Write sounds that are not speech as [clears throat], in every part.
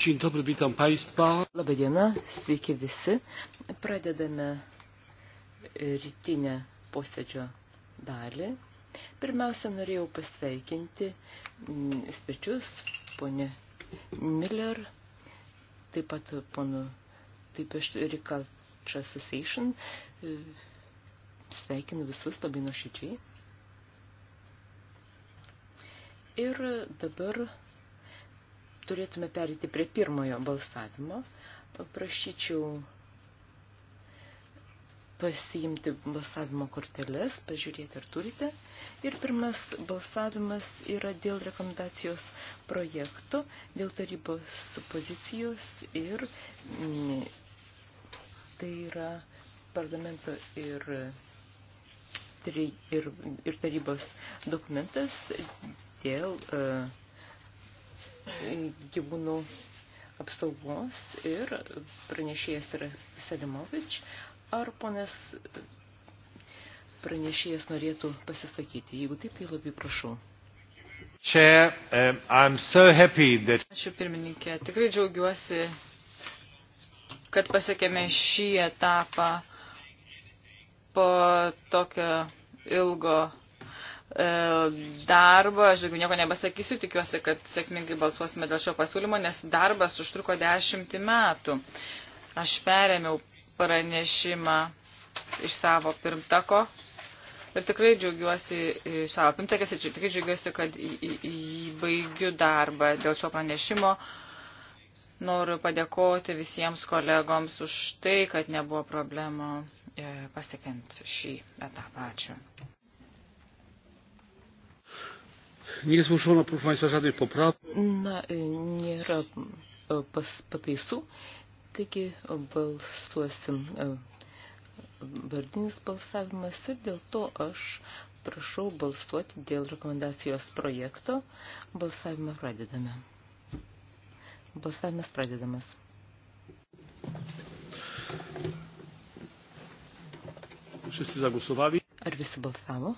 Dzień dobry, witam Państwa. Labai diena, sveiki visi. Pradedame e, rytinę posėdžio dalį. Pirmiausia, norėjau pasveikinti svečius, ponė Miller, taip pat ponų, taip aš Rikalčia Association. E, sveikinu visus labai nuoširdžiai. Ir dabar turėtume perėti prie pirmojo balsavimo. Paprašyčiau pasiimti balsavimo korteles, pažiūrėti ar turite. Ir pirmas balsavimas yra dėl rekomendacijos projekto, dėl tarybos pozicijos ir mm, tai yra parlamento ir, ir, ir tarybos dokumentas dėl uh, gyvūnų apsaugos ir pranešėjas yra Selimovič. Ar ponas pranešėjas norėtų pasisakyti? Jeigu taip, tai labai prašau. Chair, um, I'm so happy that... Ačiū pirmininkė, tikrai džiaugiuosi, kad pasiekėme šį etapą po tokio ilgo E, darbą. Aš daugiau nieko nebesakysiu, tikiuosi, kad sėkmingai balsuosime dėl šio pasiūlymo, nes darbas užtruko dešimtį metų. Aš perėmiau pranešimą iš savo pirmtako ir tikrai džiaugiuosi iš e, savo pirmtakės ir tikrai džiaugiuosi, kad į, į, į baigiu darbą dėl šio pranešimo. Noriu padėkoti visiems kolegoms už tai, kad nebuvo problemų e, pasiekiant šį etapą. Ačiū. Nie zgłoszono, proszę Państwa, żadnych poprawek. Na, nėra pas, pataisų, taigi balsuosim vardinis balsavimas ir dėl to aš prašau balsuoti dėl rekomendacijos projekto. Balsavimą pradedame. Balsavimas pradedamas. Ar visi balsavo?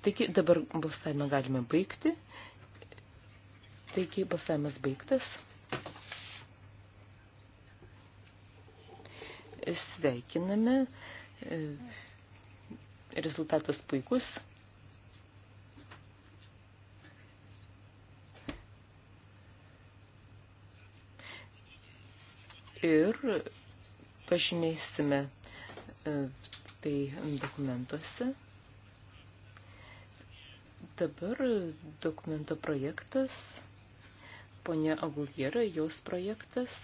Taigi dabar balsavimą galime baigti. Taigi balsavimas baigtas. Sveikiname. Rezultatas puikus. ir pažymėsime e, tai dokumentuose Dabar dokumento projektas, ponia Aguliera, jos projektas.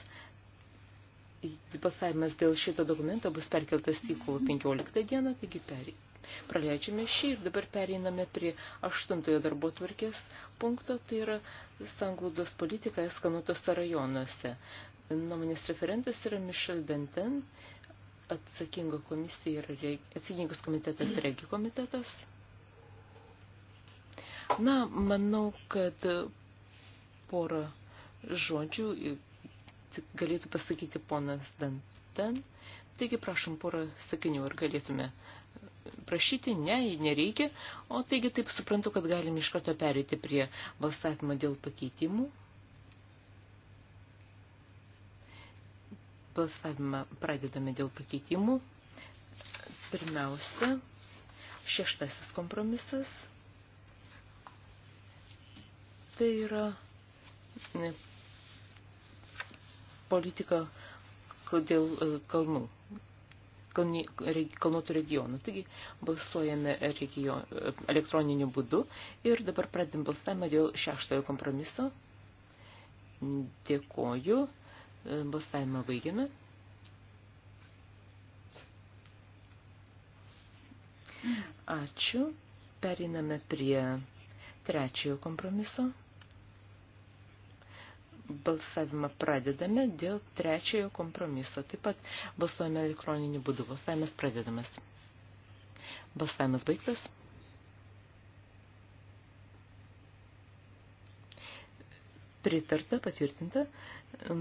Balsavimas dėl šito dokumento bus perkeltas į kovo 15 dieną, taigi per, praleidžiame šį ir dabar pereiname prie aštuntojo darbo tvarkės punkto, tai yra sanglaudos politika eskanutose rajonuose. Nuomonės referentas yra Michel Denten, atsakinga komisija yra, atsakingas komitetas regi komitetas. Na, manau, kad porą žodžių galėtų pasakyti ponas Dantan. Taigi, prašom, porą sakinių, ar galėtume prašyti, ne, nereikia. O taigi, taip suprantu, kad galim iš karto perėti prie balsavimo dėl pakeitimų. Balsavimą pradedame dėl pakeitimų. Pirmiausia, šeštasis kompromisas – Tai yra politika dėl e, kalnų, kalnuotų regionų. Taigi balsuojame regio, e, elektroniniu būdu ir dabar pradėm balsavimą dėl šeštojo kompromiso. Dėkoju. E, balsavimą baigiame. Ačiū. Periname prie trečiojo kompromiso balsavimą pradedame dėl trečiojo kompromiso. Taip pat balsuojame elektroninį būdų. Balsavimas pradedamas. Balsavimas baigtas. Pritarta, patvirtinta.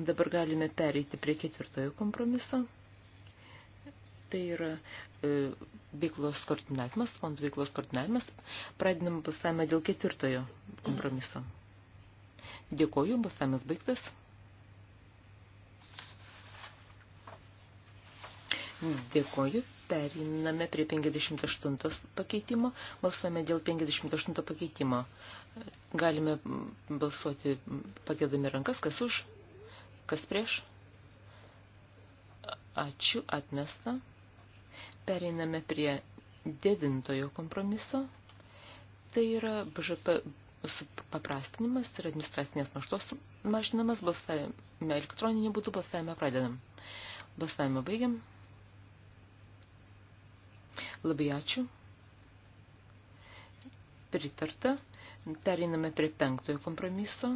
Dabar galime pereiti prie ketvirtojo kompromiso. Tai yra e, veiklos koordinavimas, fondų veiklos koordinavimas. Pradinam balsavimą dėl ketvirtojo kompromiso. Mm. Dėkoju, balsavimas baigtas. Dėkoju, periname prie 58 pakeitimo, balsuojame dėl 58 pakeitimo. Galime balsuoti pakėdami rankas, kas už, kas prieš. Ačiū, atmesta. Pereiname prie devintojo kompromiso. Tai yra BŽP supaprastinimas ir administracinės naštos mažinamas, balsavime elektroninį būtų, balsavime pradedam. Balsavimą baigiam. Labai ačiū. Pritarta. Pereiname prie penktojo kompromiso.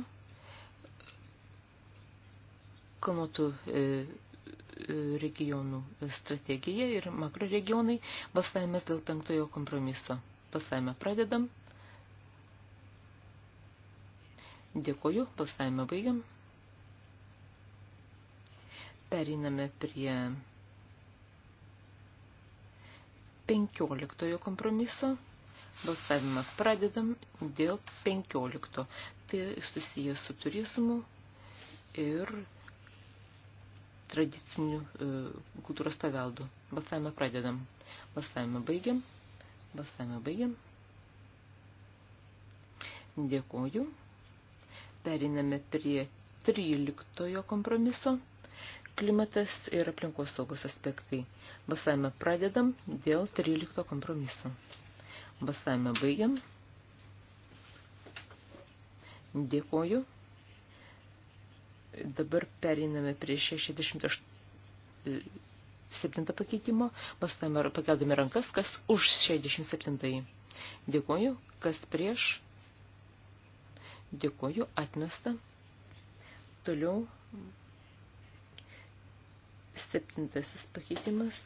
Kalnotų e, e, regionų strategija ir makroregionai. Balsavimas dėl penktojo kompromiso. Balsavimą pradedam. Balsavimą pradedam. Dėkoju, balsavimą baigiam. Periname prie 15 kompromiso. Balsavimą pradedam dėl 15. Tai susijęs su turizmu ir tradicinių e, kultūros paveldų. Balsavimą pradedam. Balsavimą baigiam. Balsavimą baigiam. Dėkoju. Periname prie 13 kompromiso. Klimatas ir aplinkos saugos aspektai. Basavimą pradedam dėl 13 kompromiso. Basavimą baigiam. Dėkoju. Dabar periname prie 68 septintą pakeitimo, pakeldami rankas, kas už 67. Dėkoju, kas prieš Dėkoju, atmesta. Toliau septintasis pakeitimas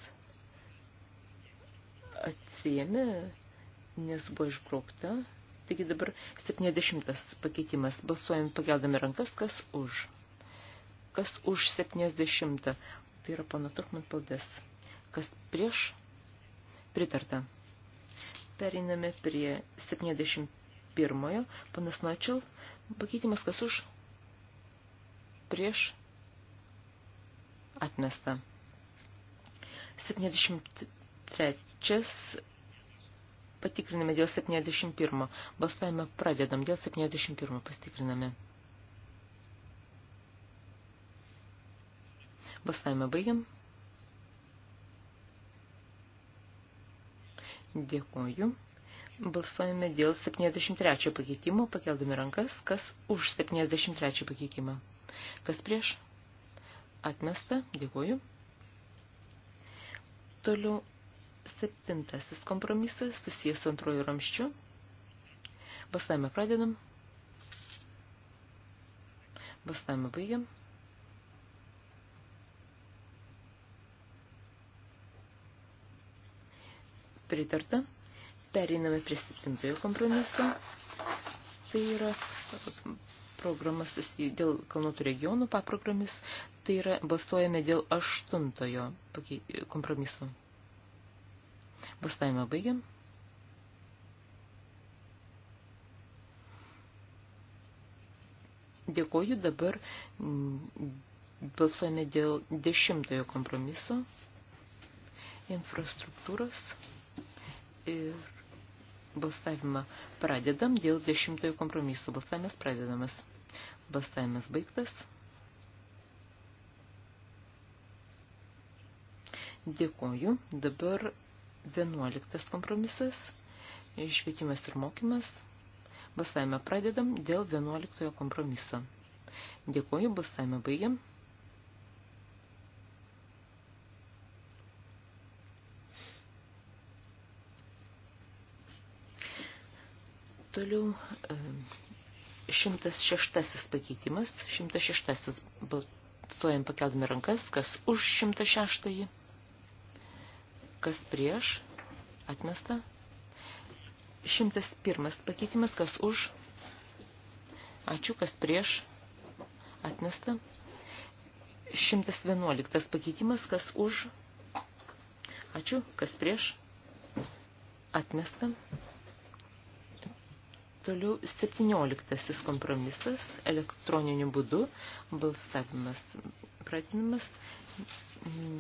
atsijėmė, nes buvo išbraukta. Taigi dabar 70 pakeitimas. Balsuojam pageldami rankas, kas už. Kas už 70. Tai yra pana Turkman paldas. Kas prieš? Pritarta. Periname prie 71 pirmojo, panas Načil, pakeitimas kas už, prieš, atmesta. 73. Patikriname dėl 71. Balsavimą pradedam dėl 71. Pastikriname. Balsavimą baigiam. Dėkuoju. Balsuojame dėl 73 pakeitimo, pakeldami rankas, kas už 73 pakeitimą. Kas prieš? Atmesta, dėkuoju. Toliau septintasis kompromisas susijęs su antroju ramščiu. Balsavimą pradedam. Balsavimą baigiam. Pritarta. Pereiname prie septintojo kompromiso. Tai yra programas dėl kalnuotų regionų paprogramis. Tai yra balsuojame dėl aštuntojo kompromiso. Balsavimą baigiam. Dėkoju dabar mm, balsuojame dėl dešimtojo kompromiso infrastruktūros ir Balsavimą pradedam dėl dešimtojo kompromiso. Balsavimas pradedamas. Balsavimas baigtas. Dėkoju. Dabar vienuoliktas kompromisas. Švietimas ir mokymas. Balsavimą pradedam dėl vienuoliktojo kompromiso. Dėkoju. Balsavimą baigiam. Toliau 106 e, pakeitimas. 106 balsuojam pakeldami rankas. Kas už 106? Kas prieš? Atmesta. 101 pakeitimas. Kas už? Ačiū. Kas prieš? Atmesta. 111 pakeitimas. Kas už? Ačiū. Kas prieš? Atmesta. Toliau 17 kompromisas elektroniniu būdu balsavimas pratinimas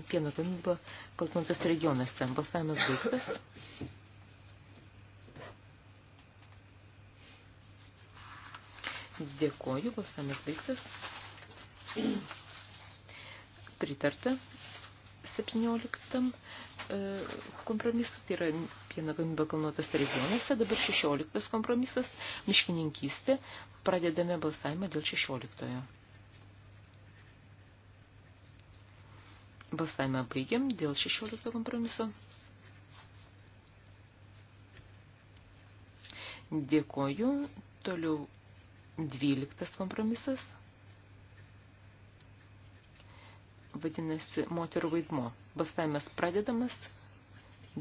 pieno gamyba kaltuotos regionuose. Balsavimas baigtas. Dėkoju, balsavimas baigtas. Pritarta 17 E, kompromisų, tai yra pieno gamyba kalnuotose regionuose, dabar 16 kompromisas, miškininkystė, pradedame balsavimą dėl 16. Balsavimą baigiam dėl 16 kompromiso. Dėkoju. Toliau 12 kompromisas. Vadinasi, moterų vaidmo. Balsavimas pradedamas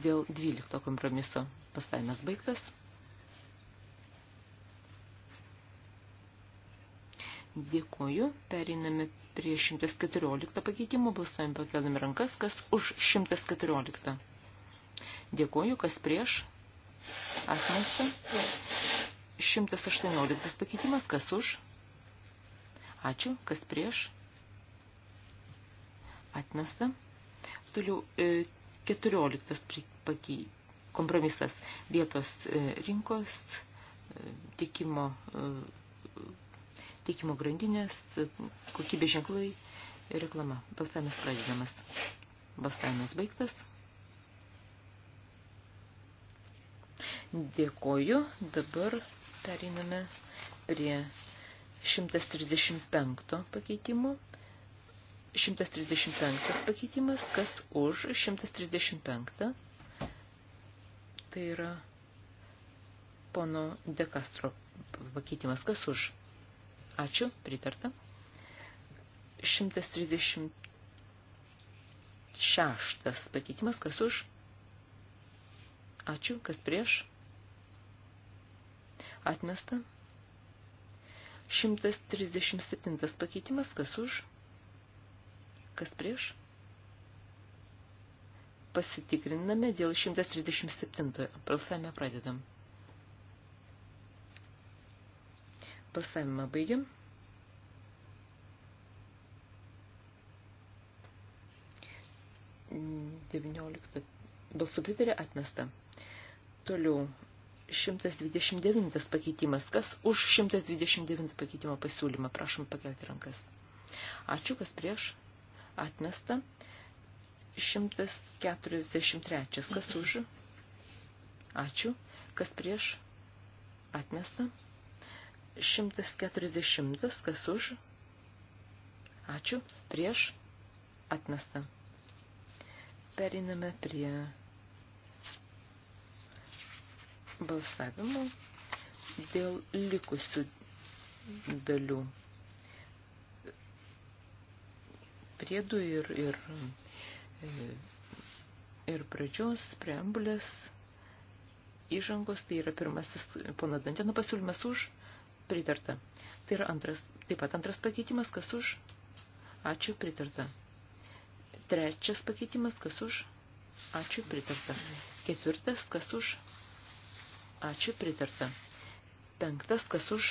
dėl 12 kompromiso. Balsavimas baigtas. Dėkuoju. Pereiname prie 114 pakeitimo. Balsuojame pakeldami rankas, kas už 114. Dėkuoju, kas prieš. Atmesta. 118 pakeitimas, kas už. Ačiū, kas prieš. Atmesta. Toliau 14 e, kompromisas vietos e, rinkos, e, tiekimo, tiekimo grandinės, kokybė ženklai ir reklama. Balsavimas pradedamas. Balsavimas baigtas. Dėkoju. Dabar pereiname prie 135 pakeitimo. 135 pakeitimas, kas už 135, tai yra pono De Castro pakeitimas, kas už. Ačiū, pritarta. 136 pakeitimas, kas už. Ačiū, kas prieš. Atmesta. 137 pakeitimas, kas už. Kas prieš? Pasitikriname dėl 137. Balsavimą pradedam. Balsavimą baigiam. Devynioliktą balsų pritarė atmesta. Toliau 129 pakeitimas. Kas už 129 pakeitimo pasiūlymą? Prašom pakelti rankas. Ačiū, kas prieš atmesta. 143. Kas už? Ačiū. Kas prieš? Atmesta. 140. Kas už? Ačiū. Prieš? Atmesta. Periname prie balsavimo dėl likusių dalių. priedų ir, ir, e, ir pradžios, preambulės, įžangos, tai yra pirmasis pono Dantėno pasiūlymas už, pritarta. Tai yra antras, taip pat antras pakeitimas, kas už, ačiū, pritarta. Trečias pakeitimas, kas už, ačiū, pritarta. Ketvirtas, kas už, ačiū, pritarta. Penktas, kas už,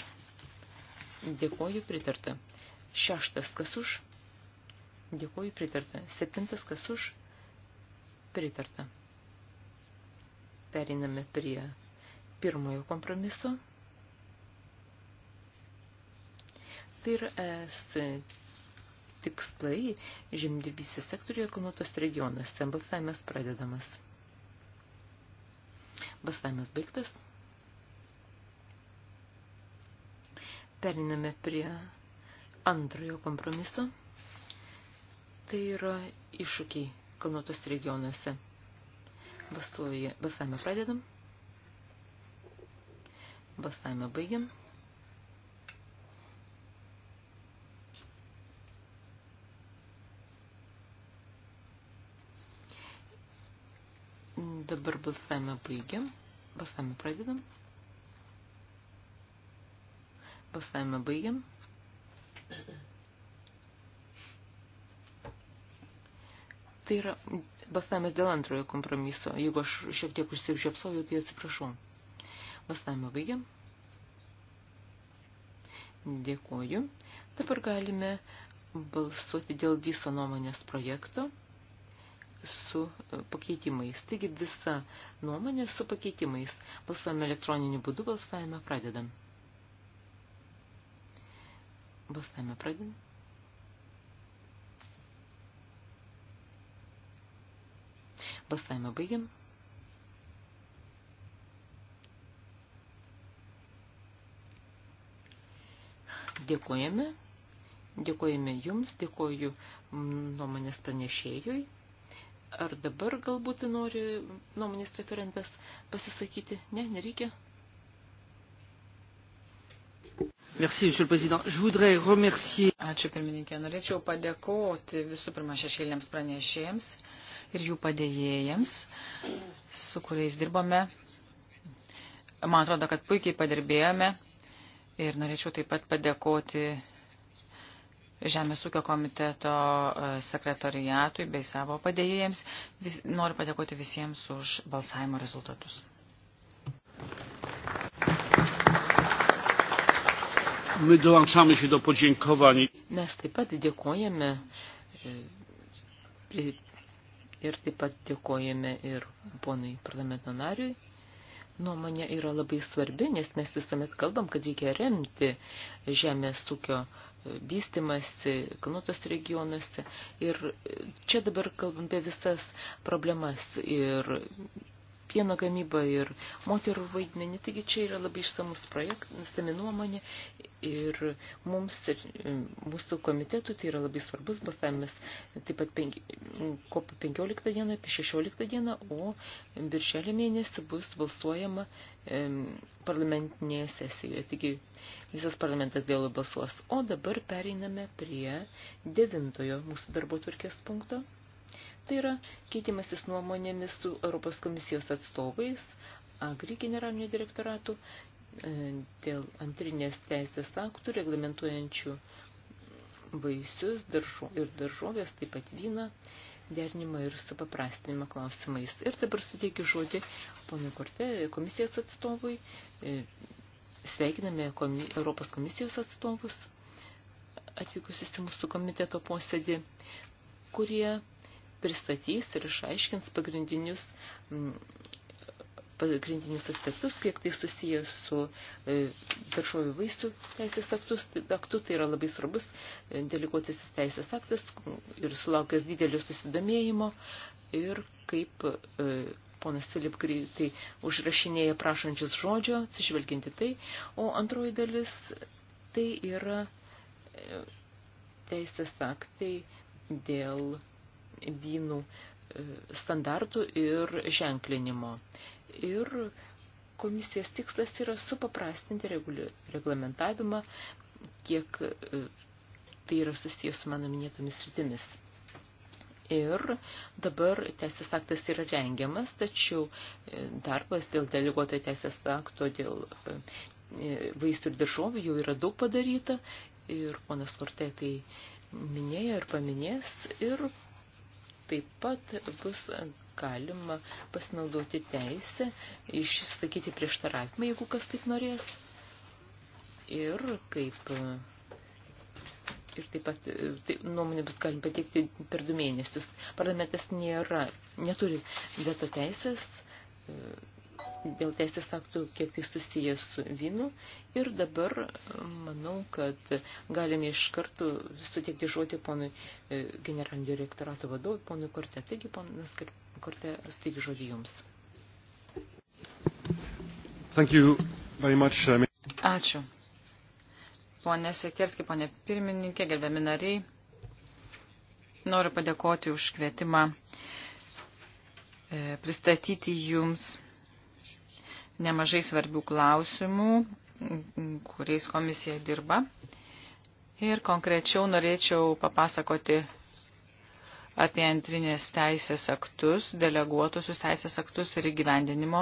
dėkoju, pritarta. Šeštas, kas už, Dėkuoju, pritarta. Septintas, kas už? Pritarta. Periname prie pirmojo kompromiso. Tai yra es tikslai žemdibysis sektoriuje ekonotos regionas. Ten balsavimas pradedamas. Balsavimas baigtas. Periname prie antrojo kompromiso tai yra iššūkiai kalnuotos regionuose. Basavimą pradedam. Basavimą baigiam. Dabar balsavimą baigiam. Balsavimą pradedam. Balsavimą baigiam. Thank you. Tai yra balsavimas dėl antrojo kompromiso. Jeigu aš šiek tiek užsiržiapsauju, tai atsiprašau. Balsavimą baigiam. Dėkuoju. Dabar galime balsuoti dėl viso nuomonės projekto su e, pakeitimais. Taigi visa nuomonė su pakeitimais. Balsuojame elektroniniu būdu, balsavimą pradedam. Balsavimą pradedam. Balsavimą baigiam. Dėkojame. Dėkojame jums, dėkoju nuomonės pranešėjui. Ar dabar galbūt nori nuomonės referentas pasisakyti? Ne, nereikia. Merci, Monsieur le Président. Je voudrais remercier. Ačiū pirmininkė. Norėčiau padėkoti visų pirma šešėlėms pranešėjams ir jų padėjėjams, su kuriais dirbome. Man atrodo, kad puikiai padirbėjome ir norėčiau taip pat padėkoti Žemės ūkio komiteto e, sekretariatui bei savo padėjėjams. Vis, noriu padėkoti visiems už balsavimo rezultatus. My dołączamy się do podziękowań. Mes taip pat dėkojame e, ir taip pat dėkojame ir ponui parlamento nariui. Nuomonė yra labai svarbi, nes mes visuomet kalbam, kad reikia remti žemės ūkio vystimasi, kalnuotos regionuose. Ir čia dabar kalbam apie visas problemas ir pieno gamybą ir moterų vaidmenį. Taigi čia yra labai išsamus projektas, nustami nuomonė ir mums ir e, mūsų komitetų tai yra labai svarbus balsavimas taip pat penki, kopo 15 dieną, apie 16 dieną, o birželio mėnesį bus balsuojama e, parlamentinėje sesijoje. Taigi visas parlamentas dėl balsuos. O dabar pereiname prie devintojo mūsų darbo tvarkės punkto. Tai yra keitimasis nuomonėmis su Europos komisijos atstovais, Agri generaliniu direktoratu, e, dėl antrinės teisės aktų reglamentuojančių vaisius daržo, ir daržovės, taip pat vyną, derinimą ir supaprastinimą klausimais. Ir dabar suteikiu žodį ponui Korte, komisijos atstovui. E, Sveikiname komi, Europos komisijos atstovus atvykusius į mūsų komiteto posėdį, kurie pristatys ir išaiškins pagrindinius, pagrindinius aspektus, kiek tai susijęs su e, daržovių vaistų teisės aktus, aktu, tai yra labai svarbus e, deleguotasis teisės aktas ir sulaukęs didelio susidomėjimo ir kaip e, ponas Filip greitai užrašinėja prašančius žodžio, atsižvelginti tai, o antroji dalis tai yra teisės aktai dėl vynų e, standartų ir ženklinimo. Ir komisijos tikslas yra supaprastinti reglamentavimą, kiek e, tai yra susijęs su mano minėtomis rytimis. Ir dabar teisės aktas yra rengiamas, tačiau e, darbas dėl deleguoto teisės akto, dėl vaistų ir daržovių jau yra daug padaryta ir ponas Kortė tai minėjo ir paminės ir taip pat bus galima pasinaudoti teisę, išsakyti prieštaravimą, jeigu kas taip norės. Ir kaip ir taip pat taip, nuomonė bus galima pateikti per du mėnesius. Parlamentas nėra, neturi veto teisės dėl teisės aktų, kiek tai susijęs su vynu. Ir dabar manau, kad galime iš karto sutikti žodį ponui e, generalinio direktorato vadovui, ponui Korte. Taigi, ponas Korte, sutikti žodį jums. Thank you very much. Uh, Ačiū. Pone Sekerski, pone pirmininkė, gerbiami nariai, noriu padėkoti už kvietimą e, pristatyti jums nemažai svarbių klausimų, kuriais komisija dirba. Ir konkrečiau norėčiau papasakoti apie antrinės teisės aktus, deleguotusius teisės aktus ir įgyvendinimo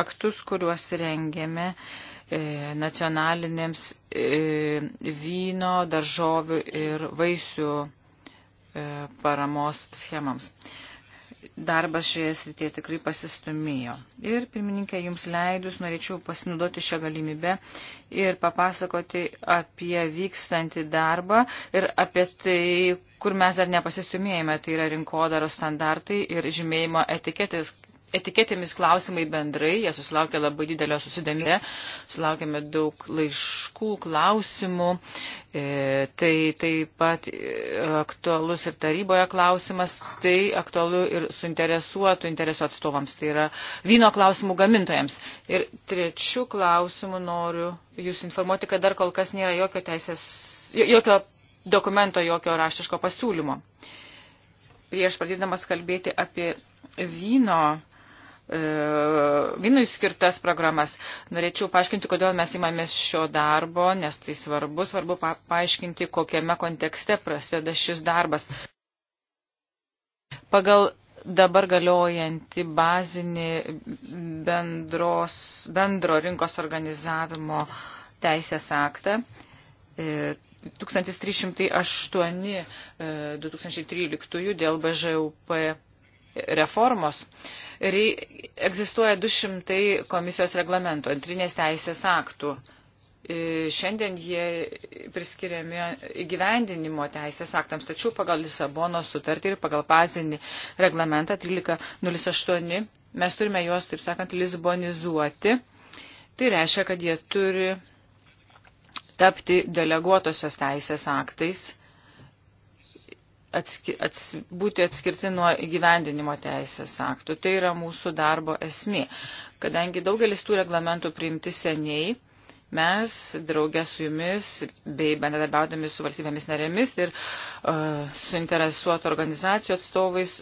aktus, kuriuos rengėme e, nacionalinėms e, vyno, daržovių ir vaisių e, paramos schemams darbas šioje srityje tikrai pasistumėjo. Ir, pirmininkė, jums leidus norėčiau pasinaudoti šią galimybę ir papasakoti apie vykstantį darbą ir apie tai, kur mes dar nepasistumėjome, tai yra rinkodaro standartai ir žymėjimo etiketės etiketėmis klausimai bendrai, jie susilaukė labai didelio susidomėjimo, sulaukėme daug laiškų, klausimų, e, tai taip pat e, aktualus ir taryboje klausimas, tai aktualu ir suinteresuotų interesų atstovams, tai yra vyno klausimų gamintojams. Ir trečių klausimų noriu Jūs informuoti, kad dar kol kas nėra jokio teisės, jokio dokumento, jokio raštiško pasiūlymo. Prieš pradėdamas kalbėti apie vyno vynui e, skirtas programas. Norėčiau paaiškinti, kodėl mes įmamės šio darbo, nes tai svarbu, svarbu pa paaiškinti, kokiame kontekste prasideda šis darbas. Pagal dabar galiojantį bazinį bendros, bendro rinkos organizavimo teisės aktą. 1308 e, 2013 e, dėl BŽUP reformos. Ir egzistuoja 200 komisijos reglamento, antrinės teisės aktų. E, šiandien jie priskiriami įgyvendinimo teisės aktams, tačiau pagal Lisabono sutartį ir pagal bazinį reglamentą 1308 mes turime juos, taip sakant, lisbonizuoti. Tai reiškia, kad jie turi tapti deleguotosios teisės aktais atski, ats, būti atskirti nuo įgyvendinimo teisės aktų. Tai yra mūsų darbo esmė. Kadangi daugelis tų reglamentų priimti seniai, mes draugę su jumis bei bendradarbiaudami su valstybėmis narėmis ir uh, suinteresuotų organizacijų atstovais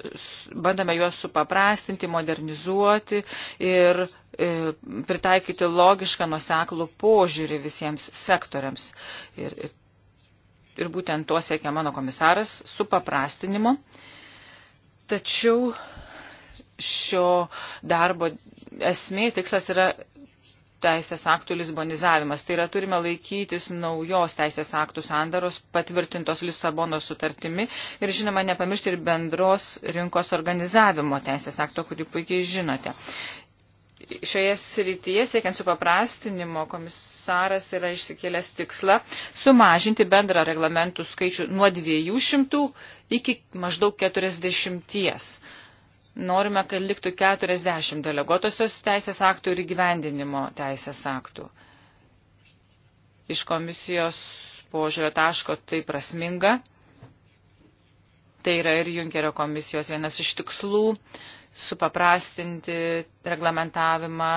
bandome juos supaprastinti, modernizuoti ir uh, pritaikyti logišką nuseklų požiūrį visiems sektoriams. Ir, ir ir būtent to siekia mano komisaras, su paprastinimu. Tačiau šio darbo esmė tikslas yra teisės aktų lisbonizavimas. Tai yra turime laikytis naujos teisės aktų sandaros patvirtintos Lisabonos sutartimi ir žinoma nepamiršti ir bendros rinkos organizavimo teisės akto, kurį puikiai žinote šioje srityje, siekiant supaprastinimo, komisaras yra išsikėlęs tikslą sumažinti bendrą reglamentų skaičių nuo 200 iki maždaug 40. Norime, kad liktų 40 deleguotosios teisės aktų ir įgyvendinimo teisės aktų. Iš komisijos požiūrio taško tai prasminga. Tai yra ir Junkerio komisijos vienas iš tikslų supaprastinti reglamentavimą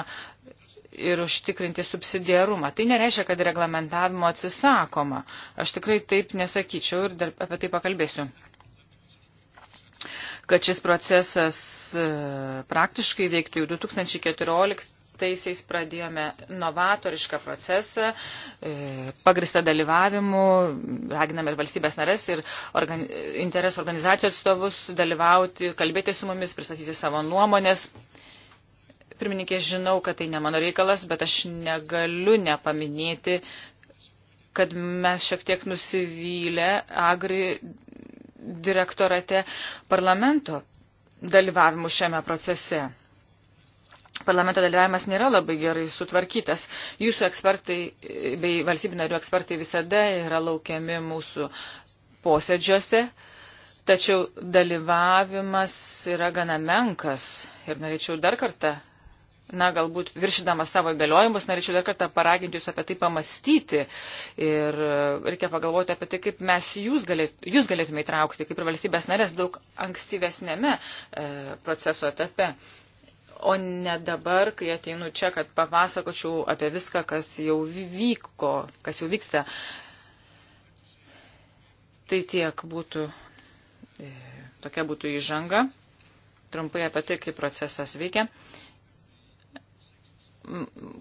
ir užtikrinti subsidiarumą. Tai nereiškia, kad reglamentavimo atsisakoma. Aš tikrai taip nesakyčiau ir dar apie tai pakalbėsiu. Kad šis procesas e, praktiškai veiktų jau 2014 2006-aisiais pradėjome novatorišką procesą, e, pagristą dalyvavimu, raginame ir valstybės nares ir organi interesų organizacijų atstovus dalyvauti, kalbėti su mumis, pristatyti savo nuomonės. Pirmininkė, žinau, kad tai ne mano reikalas, bet aš negaliu nepaminėti, kad mes šiek tiek nusivylę Agri direktorate parlamento dalyvavimu šiame procese parlamento dalyvavimas nėra labai gerai sutvarkytas. Jūsų ekspertai e, bei valstybinarių ekspertai visada yra laukiami mūsų posėdžiuose, tačiau dalyvavimas yra gana menkas. Ir norėčiau dar kartą, na, galbūt viršydamas savo įgaliojimus, norėčiau dar kartą paraginti jūs apie tai pamastyti. Ir e, reikia pagalvoti apie tai, kaip mes jūs, galėt, jūs galėtume įtraukti, kaip ir valstybės narės, daug ankstyvesnėme e, proceso etape o ne dabar, kai ateinu čia, kad papasakočiau apie viską, kas jau vyko, kas jau vyksta. Tai tiek būtų, e, tokia būtų įžanga, trumpai apie tai, kaip procesas veikia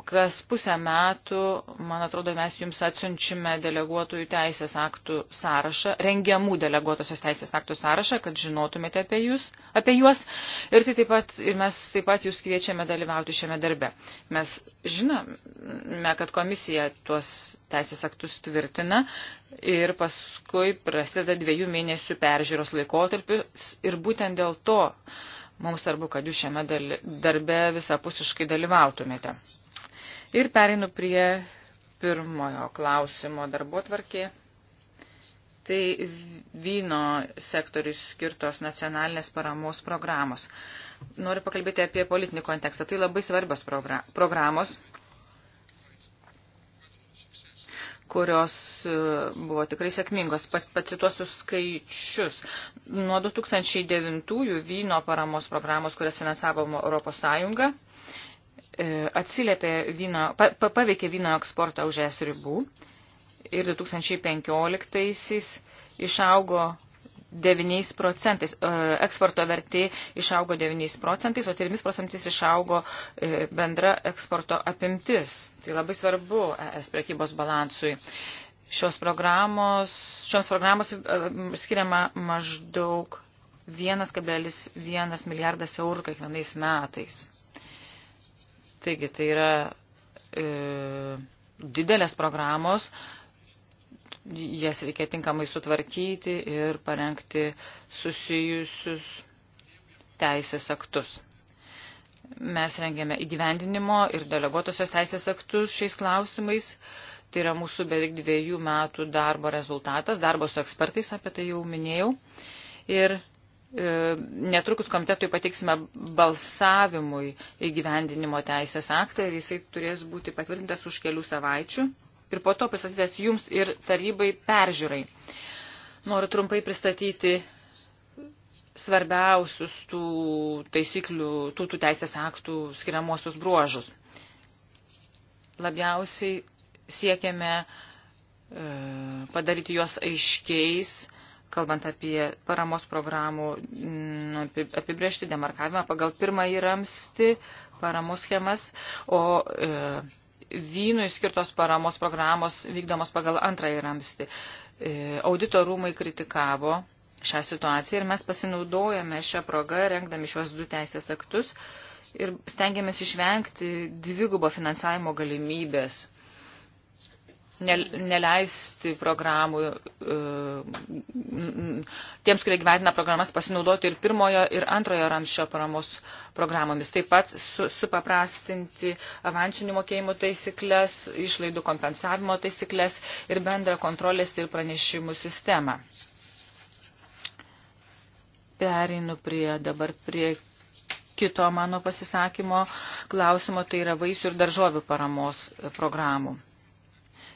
kas pusę metų, man atrodo, mes jums atsiunčime deleguotojų teisės aktų sąrašą, rengiamų deleguotosios teisės aktų sąrašą, kad žinotumėte apie, jūs, apie juos. Ir, tai taip pat, ir mes taip pat jūs kviečiame dalyvauti šiame darbe. Mes žinome, kad komisija tuos teisės aktus tvirtina ir paskui prasideda dviejų mėnesių peržiūros laikotarpis ir būtent dėl to Mums svarbu, kad jūs šiame darbe visapusiškai dalyvautumėte. Ir pereinu prie pirmojo klausimo darbo tvarkė. Tai vyno sektorius skirtos nacionalinės paramos programos. Noriu pakalbėti apie politinį kontekstą. Tai labai svarbios programos kurios e, buvo tikrai sėkmingos. Pacituosiu skaičius. Nuo 2009 vyno paramos programos, kurias finansavo Europos Sąjunga, e, atsiliepė vyno, pa, pa, paveikė vyno eksportą už es ribų ir 2015 išaugo 9 procentais. E, eksporto vertė išaugo 9 procentais, o 3 procentais išaugo e, bendra eksporto apimtis. Tai labai svarbu ES prekybos balansui. Šios programos, šios programos e, skiriama maždaug 1,1 milijardas eurų kiekvienais metais. Taigi tai yra e, didelės programos, e, jas reikia tinkamai sutvarkyti ir parengti susijusius teisės aktus. Mes rengėme įgyvendinimo ir deleguotosios teisės aktus šiais klausimais. Tai yra mūsų beveik dviejų metų darbo rezultatas, darbo su ekspertais, apie tai jau minėjau. Ir e, netrukus komitetui pateiksime balsavimui įgyvendinimo teisės aktą ir jisai turės būti patvirtintas už kelių savaičių ir po to pristatytas jums ir tarybai peržiūrai. Noriu trumpai pristatyti svarbiausius tų taisyklių, tų, tų teisės aktų skiriamosius bruožus. Labiausiai siekiame e, padaryti juos aiškiais, kalbant apie paramos programų mm, apibriežti demarkavimą pagal pirmąjį ramsti paramos schemas, o e, vynui skirtos paramos programos vykdomos pagal antrąjį ramstį. E, audito rūmai kritikavo šią situaciją ir mes pasinaudojame šią progą, rengdami šios du teisės aktus ir stengiamės išvengti dvigubo finansavimo galimybės neleisti programų e, tiems, kurie gyventina programas, pasinaudoti ir pirmojo ir antrojo ramščio paramos programomis. Taip pat supaprastinti avansinių mokėjimų taisyklės, išlaidų kompensavimo taisyklės ir bendrą kontrolės ir pranešimų sistemą. Pereinu prie dabar prie kito mano pasisakymo klausimo, tai yra vaisių ir daržovių paramos programų.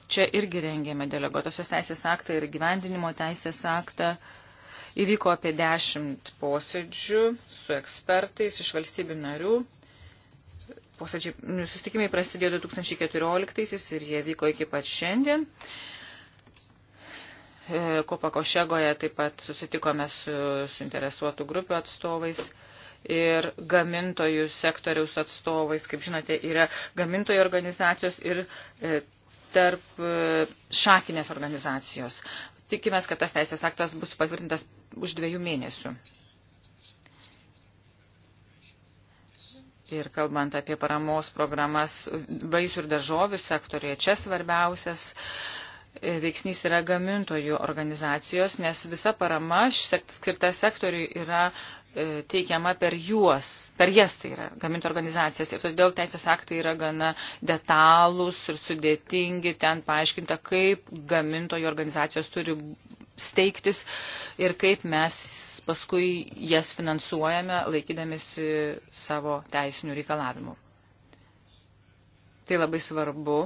Čia irgi rengėme deleguotosios teisės aktą ir gyvendinimo teisės aktą. Įvyko apie dešimt posėdžių su ekspertais iš valstybių narių. Posėdžiai, nu, susitikimai prasidėjo 2014 ir jie vyko iki pat šiandien. E, Kopakošegoje taip pat susitikome su suinteresuotų grupių atstovais ir gamintojų sektoriaus atstovais. Kaip žinote, yra gamintojų organizacijos ir e, tarp e, šakinės organizacijos. Tikimės, kad tas teisės aktas bus patvirtintas už dviejų mėnesių. Ir kalbant apie paramos programas vaisių ir daržovių sektorėje, čia svarbiausias e, veiksnys yra gamintojų organizacijos, nes visa parama skirta sektoriui yra E, teikiama per juos, per jas tai yra, gamintų organizacijas. Ir todėl teisės aktai yra gana detalūs ir sudėtingi, ten paaiškinta, kaip gamintojų organizacijos turi steigtis ir kaip mes paskui jas finansuojame, laikydamėsi savo teisinių reikalavimų. Tai labai svarbu,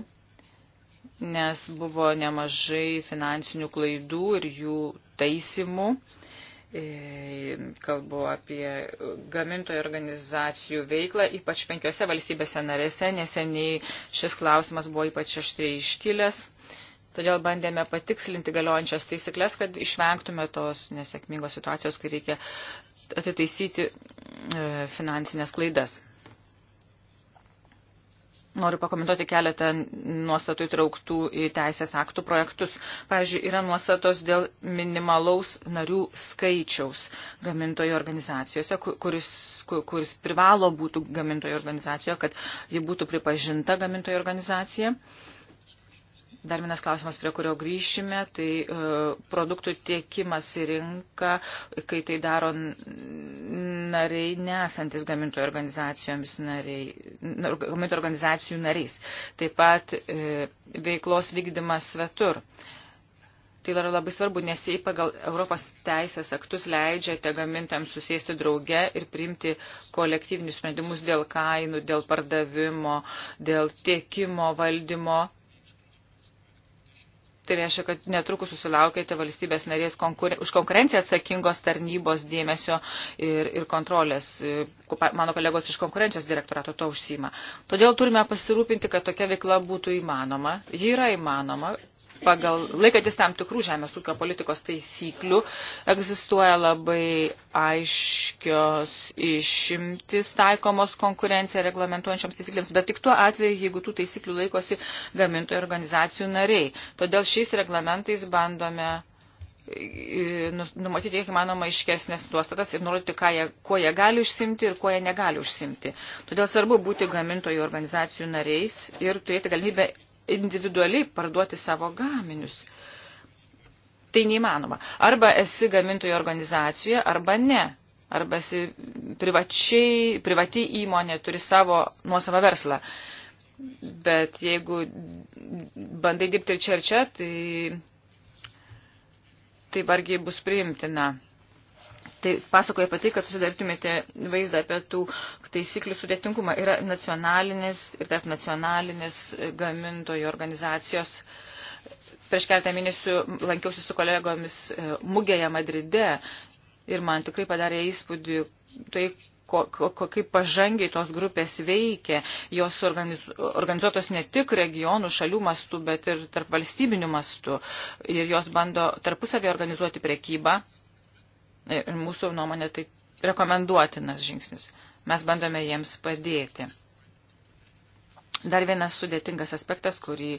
nes buvo nemažai finansinių klaidų ir jų taisimų. E, kalbu apie gamintojų organizacijų veiklą, ypač penkiose valstybėse narėse, neseniai šis klausimas buvo ypač aštriai iškilęs. Todėl bandėme patikslinti galiojančias taisyklės, kad išvengtume tos nesėkmingos situacijos, kai reikia atitaisyti e, finansinės klaidas. Noriu pakomentuoti keletą nuostatų įtrauktų į teisės aktų projektus. Pavyzdžiui, yra nuostatos dėl minimalaus narių skaičiaus gamintojų organizacijose, kuris, kuris privalo būtų gamintojų organizacijoje, kad ji būtų pripažinta gamintojų organizacija. Uh, Dar vienas klausimas, prie kurio grįšime, tai e, produktų tiekimas į rinką, kai tai daro nariai nesantis gamintojų organizacijomis nariai, gamintojų organizacijų nariais. Taip pat e, veiklos vykdymas svetur. Tai yra labai svarbu, nes jei pagal Europos teisės aktus leidžiate gamintojams susėsti drauge ir priimti kolektyvinius sprendimus dėl kainų, dėl pardavimo, dėl tiekimo valdymo Tai reiškia, kad netrukus susilaukėte valstybės narės konkuren... už konkurenciją atsakingos tarnybos dėmesio ir, ir kontrolės. Mano kolegos iš konkurencijos direktorato to užsima. Todėl turime pasirūpinti, kad tokia veikla būtų įmanoma. Ji yra įmanoma pagal laikantis tam tikrų žemės ūkio politikos taisyklių egzistuoja labai aiškios išimtis taikomos konkurenciją reglamentuojančioms taisyklėms, bet tik tuo atveju, jeigu tų taisyklių laikosi gamintojų organizacijų nariai. Todėl šiais reglamentais bandome e, nu, numatyti kiek įmanoma iškesnės nuostatas ir nurodyti, jie, kuo jie gali užsimti ir kuo jie negali užsimti. Todėl svarbu būti gamintojų organizacijų nariais ir turėti galimybę individualiai parduoti savo gaminius. Tai neįmanoma. Arba esi gamintojų organizacija, arba ne. Arba esi privačiai, privati įmonė turi savo nuosavą verslą. Bet jeigu bandai dirbti ir čia ir čia, tai, tai vargiai bus priimtina. Tai pasakoja apie tai, kad susidarytumėte vaizdą apie tų taisyklių sudėtingumą. Yra nacionalinės ir tarp nacionalinės e, gamintojų organizacijos. Prieš keletą mėnesių lankiausi su kolegomis e, mugėje Madride ir man tikrai padarė įspūdį tai, ko, ko, kaip pažangiai tos grupės veikia. Jos organiz, organizuotos ne tik regionų šalių mastų, bet ir tarp valstybinių mastų. Ir jos bando tarpusavį organizuoti prekybą ir mūsų nuomonė tai rekomenduotinas žingsnis. Mes bandome jiems padėti. Dar vienas sudėtingas aspektas, kurį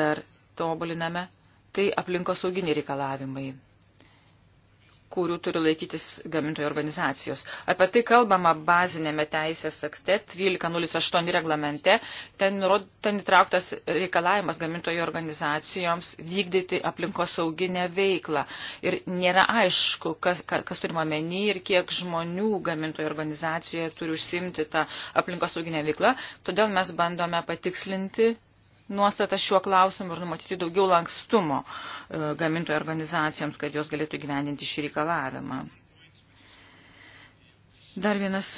dar tobuliname, tai aplinkosauginiai reikalavimai kurių turi laikytis gamintojų organizacijos. Apie tai kalbama bazinėme teisės akste 1308 reglamente. Ten, nurod, ten įtrauktas reikalavimas gamintojų organizacijoms vykdyti aplinkosauginę veiklą. Ir nėra aišku, kas, kas turima menį ir kiek žmonių gamintojų organizacijoje turi užsimti tą aplinkosauginę veiklą. Todėl mes bandome patikslinti nuostatas šiuo klausimu ir numatyti daugiau lankstumo e, gamintojų organizacijoms, kad jos galėtų gyvendinti šį reikalavimą. Dar vienas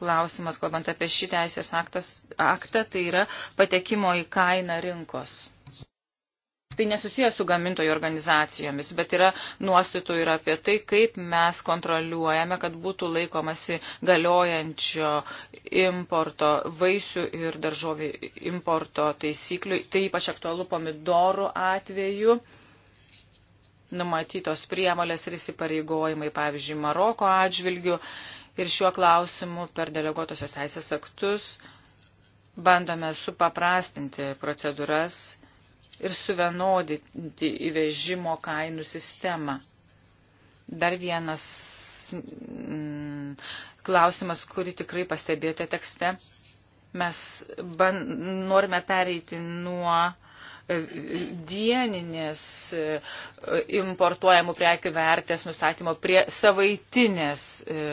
klausimas, kalbant apie šį teisės aktas, aktą, tai yra patekimo į kainą rinkos tai nesusijęs su gamintojų organizacijomis, bet yra nuostatų ir apie tai, kaip mes kontroliuojame, kad būtų laikomasi galiojančio importo vaisių ir daržovių importo taisyklių. Tai ypač aktualu pomidorų atveju. Numatytos priemalės ir įsipareigojimai, pavyzdžiui, Maroko atžvilgių. Ir šiuo klausimu per deleguotosios teisės aktus bandome supaprastinti procedūras ir suvienodinti įvežimo kainų sistemą. Dar vienas mm, klausimas, kurį tikrai pastebėjote tekste. Mes ban, norime pereiti nuo dieninės e, e, importuojamų prekių vertės nustatymo prie savaitinės e,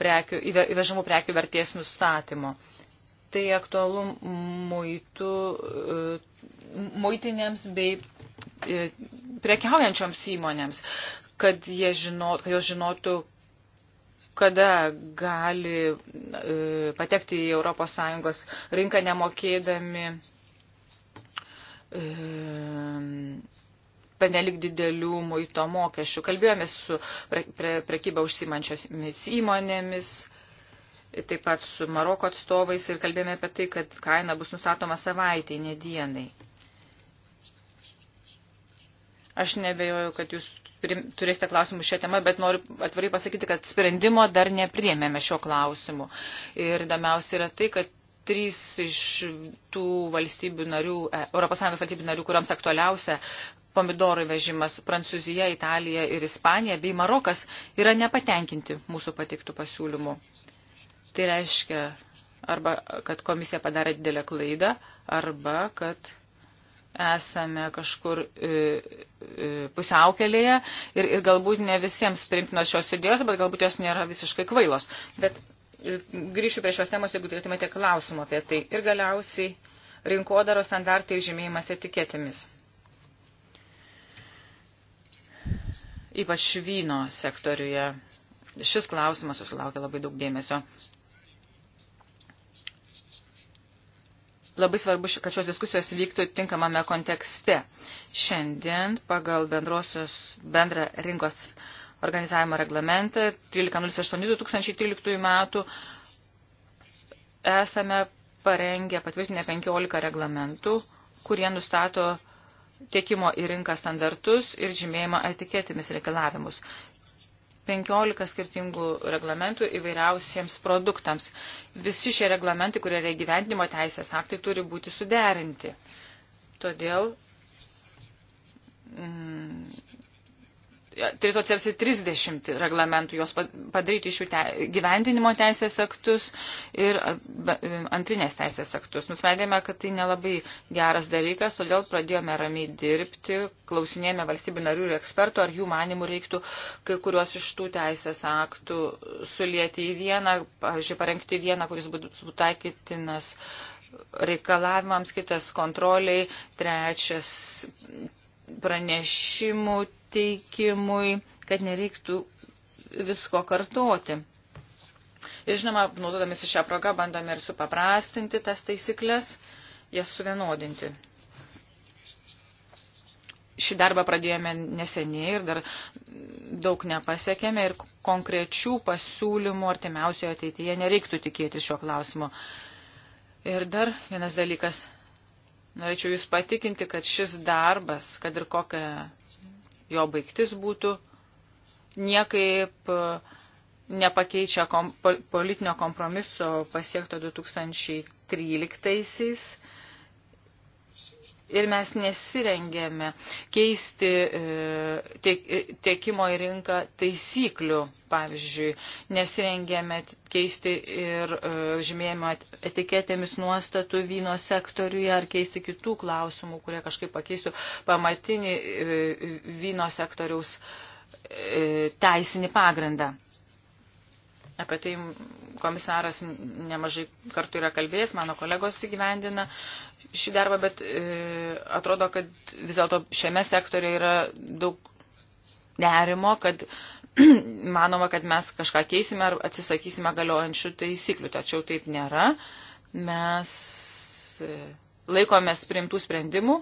prekių, įvežamų prekių vertės nustatymo. Tai aktualu muitų, e, muitinėms bei e, prekiaujančioms įmonėms, kad, jie žinot, kad jos žinotų, kada gali e, patekti į ES rinką nemokėdami panelik didelių muito mokesčių. Kalbėjomės su pre, pre, prekyba užsimančiomis įmonėmis, taip pat su Maroko atstovais ir kalbėjome apie tai, kad kaina bus nustatoma savaitėj, ne dienai. Aš nebejoju, kad jūs turėsite klausimų šią temą, bet noriu atvarai pasakyti, kad sprendimo dar nepriėmėme šio klausimu. Ir įdomiausia yra tai, kad trys iš tų valstybių narių, ES valstybių narių, kuriams aktualiausia pomidorų vežimas Prancūzija, Italija ir Ispanija bei Marokas yra nepatenkinti mūsų patiktų pasiūlymų. Tai reiškia arba, kad komisija padarė didelę klaidą, arba, kad esame kažkur e, e, pusiaukelėje ir, ir galbūt ne visiems primtinos šios idėjos, bet galbūt jos nėra visiškai kvailos. Bet e, grįšiu prie šios temos, jeigu turėtumėte klausimų apie tai. Ir galiausiai rinkodaro standartai ir žymėjimas etiketėmis. Ypač vyno sektoriuje. Šis klausimas susilaukia labai daug dėmesio. labai svarbu, kad šios diskusijos vyktų tinkamame kontekste. Šiandien pagal bendrosios bendrą rinkos organizavimo reglamentą 1308-2013 metų esame parengę patvirtinę 15 reglamentų, kurie nustato tiekimo į rinką standartus ir žymėjimą etiketėmis reikalavimus. 15 skirtingų reglamentų įvairiausiems produktams. Visi šie reglamentai, kurie yra gyvendimo teisės aktai, turi būti suderinti. Todėl mm, turėtų atsirasti 30 reglamentų, juos padaryti iš jų te, gyvendinimo teisės aktus ir antrinės teisės aktus. Nusvedėme, kad tai nelabai geras dalykas, todėl pradėjome ramiai dirbti, klausinėjome valstybių narių ir ekspertų, ar jų manimų reiktų kai kuriuos iš tų teisės aktų sulieti į vieną, pavyzdžiui, parengti vieną, kuris būtų taikytinas reikalavimams, kitas kontroliai, trečias pranešimų teikimui, kad nereiktų visko kartoti. Ir žinoma, naudodamis šią progą bandome ir supaprastinti tas taisyklės, jas suvienodinti. Šį darbą pradėjome neseniai ir dar daug nepasiekėme ir konkrečių pasiūlymų artimiausioje ateityje nereiktų tikėti šio klausimo. Ir dar vienas dalykas Norėčiau Jūs patikinti, kad šis darbas, kad ir kokia jo baigtis būtų, niekaip e, nepakeičia kom, politinio kompromiso pasiekto 2013-aisiais ir mes nesirengėme keisti e, e, tiekimo į rinką taisyklių, pavyzdžiui, nesirengėme keisti ir e, žymėjimo etiketėmis nuostatų vyno sektoriuje ar keisti kitų klausimų, kurie kažkaip pakeistų pamatinį vyno sektoriaus teisinį pagrindą. Apie tai komisaras nemažai kartų yra kalbėjęs, mano kolegos įgyvendina uh, šį darbą, bet e, atrodo, kad vis dėlto šiame sektorėje yra daug nerimo, kad [clears throat] manoma, kad mes kažką keisime ar atsisakysime galiojančių taisyklių, tačiau taip nėra. Mes e, laikomės priimtų sprendimų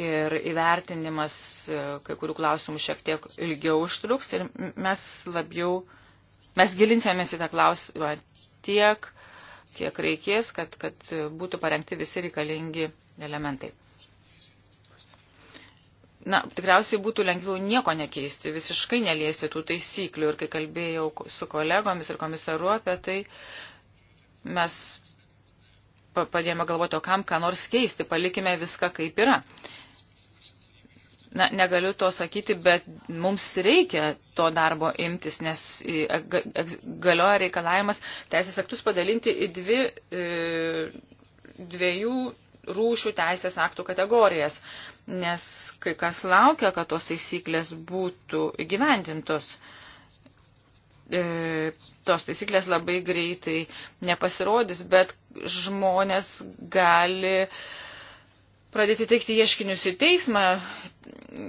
ir įvertinimas e, kai kurių klausimų šiek tiek ilgiau užtruks ir mes labiau, mes gilinsimės į tą klausimą tiek, kiek reikės, kad, kad būtų parengti visi reikalingi elementai. Na, tikriausiai būtų lengviau nieko nekeisti, visiškai neliesti tų taisyklių. Ir kai kalbėjau su kolegomis ir komisaru apie tai, mes padėjome galvoti, o kam ką nors keisti, palikime viską kaip yra. Uh, Na, negaliu to sakyti, bet mums reikia to darbo imtis, nes galioja reikalavimas teisės aktus padalinti į dvi, e, dviejų rūšių teisės aktų kategorijas, nes kai kas laukia, kad tos taisyklės būtų gyvendintos. E, tos taisyklės labai greitai nepasirodys, bet žmonės gali e, pradėti teikti ieškinius į teismą,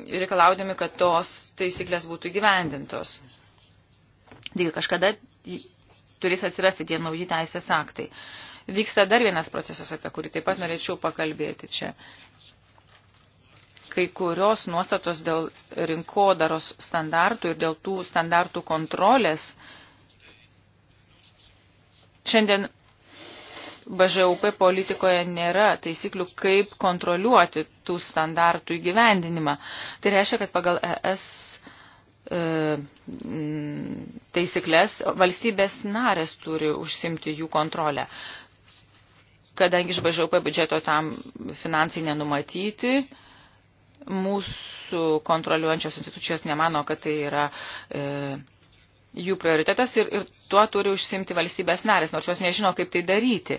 reikalaudami, kad tos taisyklės būtų gyvendintos. Taigi kažkada turės atsirasti tie nauji teisės aktai. Vyksta dar vienas procesas, apie kurį taip pat norėčiau pakalbėti čia. Kai kurios nuostatos dėl rinkodaros standartų ir dėl tų standartų kontrolės šiandien BŽUP politikoje nėra taisyklių, kaip kontroliuoti tų standartų įgyvendinimą. Tai reiškia, kad pagal ES e, taisyklės valstybės narės turi užsimti jų kontrolę. Kadangi iš BŽUP biudžeto tam finansai nenumatyti, mūsų kontroliuojančios institucijos nemano, kad tai yra e, jų prioritetas ir, ir tuo turi užsimti valstybės narės, nors jos nežino, kaip tai daryti.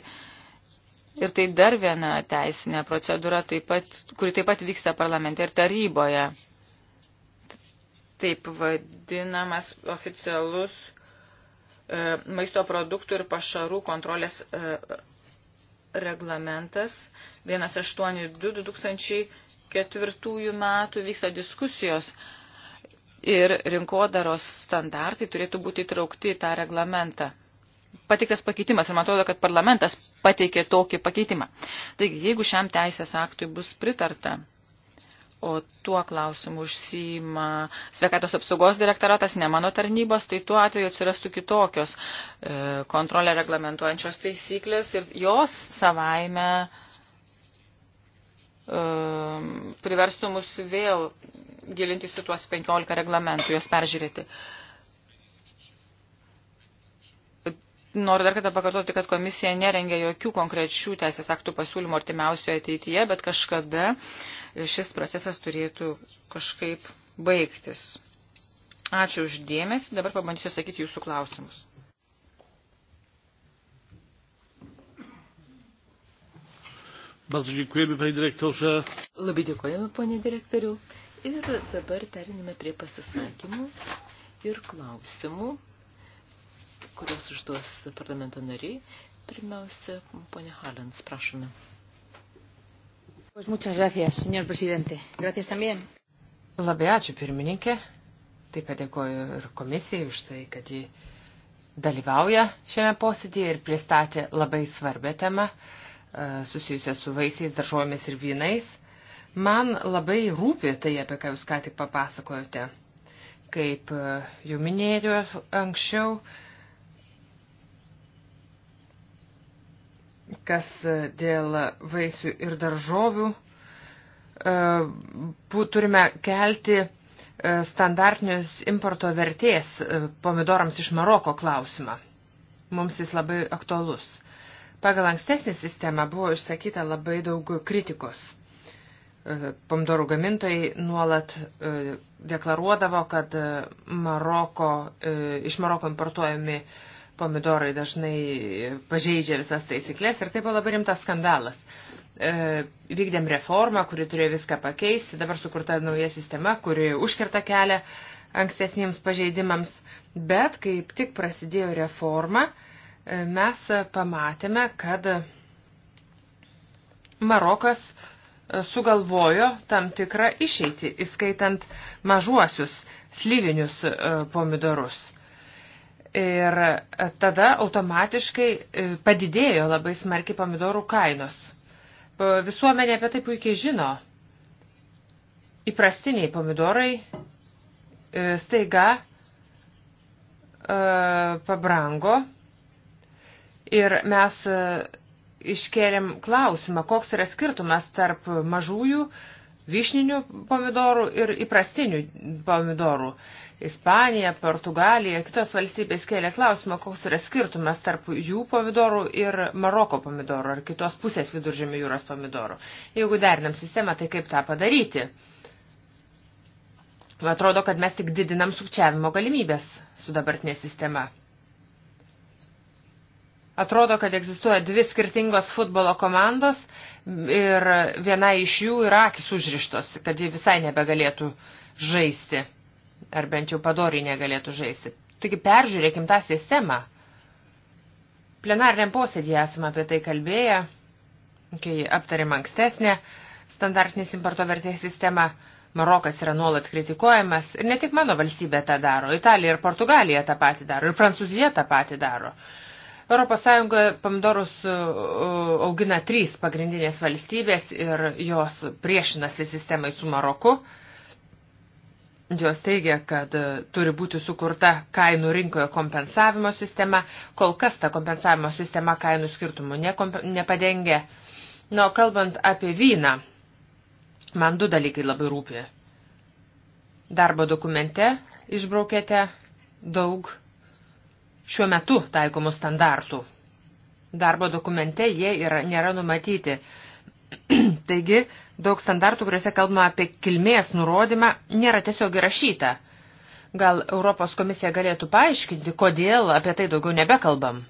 Ir tai dar viena teisinė procedūra, taip pat, kuri taip pat vyksta parlamente ir taryboje. Taip vadinamas oficialus e, maisto produktų ir pašarų kontrolės e, reglamentas 182 2004 metų vyksta diskusijos. E, ir rinkodaros standartai turėtų būti įtraukti į tą reglamentą. Pateiktas pakeitimas ir man atrodo, kad parlamentas pateikė tokį pakeitimą. Taigi, jeigu šiam teisės aktui bus pritarta, o tuo klausimu užsima sveikatos apsaugos direktoratas, ne mano tarnybos, tai tuo atveju atsirastų kitokios e, kontrolę reglamentuojančios taisyklės ir jos savaime e, Um, priverstų mus vėl gilinti su tuos 15 reglamentų, juos peržiūrėti. Noriu dar kartą pakartoti, kad komisija nerengia jokių konkrečių teisės aktų pasiūlymų artimiausioje ateityje, bet kažkada šis procesas turėtų kažkaip baigtis. Ačiū uždėmesi, dabar pabandysiu sakyti jūsų klausimus. Bardzo dziękujemy, panie dyrektorze. Labai dėkojame, panie direktoriu. Ir dabar periname prie pasisakymų ir klausimų, kuriuos užduos parlamento nariai. Pirmiausia, ponė Halens, prašome. Pues muchas gracias, señor presidente. Gracias también. Labai ačiū, pirmininkė. Taip pat dėkoju ir komisijai už tai, kad ji dalyvauja šiame posėdėje ir pristatė labai svarbę temą. Uh, E, susijusias su vaisiais, daržovėmis ir vynais. Man labai rūpi tai, apie ką jūs ką tik papasakojote. Kaip e, jau minėjau anksčiau, kas e, dėl vaisių ir daržovių, turime kelti standartinius importo vertės pomidorams iš Maroko klausimą. Mums jis labai aktualus. Pagal ankstesnį sistemą buvo išsakyta labai daug kritikos. E, pomidorų gamintojai nuolat e, deklaruodavo, kad e, Maroko, iš Maroko importuojami pomidorai dažnai pažeidžia visas taisyklės ir tai buvo labai rimtas skandalas. Vykdėm reformą, kuri turėjo viską pakeisti, dabar sukurta nauja sistema, kuri užkerta kelią ankstesniems pažeidimams, bet kaip tik prasidėjo reforma, mes pamatėme, kad Marokas sugalvojo tam tikrą išeitį, įskaitant mažuosius slyvinius e, pomidorus. Ir e, tada automatiškai e, padidėjo labai smarkiai pomidorų kainos. Visuomenė apie tai puikiai žino. Įprastiniai pomidorai staiga pabrango Ir mes e, iškėlėm klausimą, koks yra skirtumas tarp mažųjų vyšninių pomidorų ir įprastinių pomidorų. Ispanija, Portugalija, kitos valstybės kėlė klausimą, koks yra skirtumas tarp jų pomidorų ir Maroko pomidorų ar kitos pusės viduržėmio jūros pomidorų. Jeigu derinam sistemą, tai kaip tą padaryti? Atrodo, kad mes tik didinam sukčiavimo galimybės su dabartinė sistema. Atrodo, kad egzistuoja dvi skirtingos futbolo komandos ir viena iš jų yra akis užrištos, kad ji visai nebegalėtų žaisti, ar bent jau padoriai negalėtų žaisti. Taigi peržiūrėkim tą sistemą. Plenariniam posėdėje esame apie tai kalbėję, kai aptarėm ankstesnę standartinės importo vertės sistemą. Marokas yra nuolat kritikuojamas ir ne tik mano valstybė tą daro, Italija ir Portugalija tą patį daro, ir Prancūzija tą patį daro. Uh, Europos Sąjungoje pomidorus e, augina trys pagrindinės valstybės ir jos priešinasi sistemai su Maroku. Jos teigia, kad e, turi būti sukurta kainų rinkoje kompensavimo sistema. Kol kas ta kompensavimo sistema kainų skirtumų nepadengia. Na, nu, kalbant apie vyną, man du dalykai labai rūpi. Darbo dokumente išbraukėte daug šiuo metu taikomų standartų. Darbo dokumente jie yra, nėra numatyti. [clears throat] Taigi, daug standartų, kuriuose kalbama apie kilmės nurodymą, nėra tiesiog įrašyta. Gal Europos komisija galėtų paaiškinti, kodėl apie tai daugiau nebekalbam?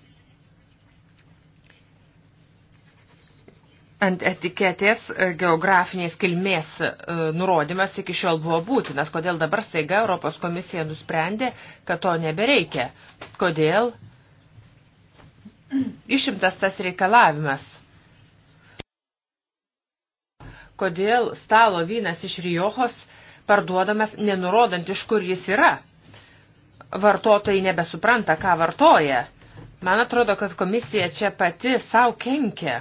ant etiketės e, geografinės kilmės e, nurodymas iki šiol buvo būtinas. Kodėl dabar staiga Europos komisija nusprendė, kad to nebereikia? Kodėl išimtas tas reikalavimas? Kodėl stalo vynas iš Rijohos parduodamas nenurodant, iš kur jis yra? Vartotojai nebesupranta, ką vartoja. Man atrodo, kad komisija čia pati savo kenkia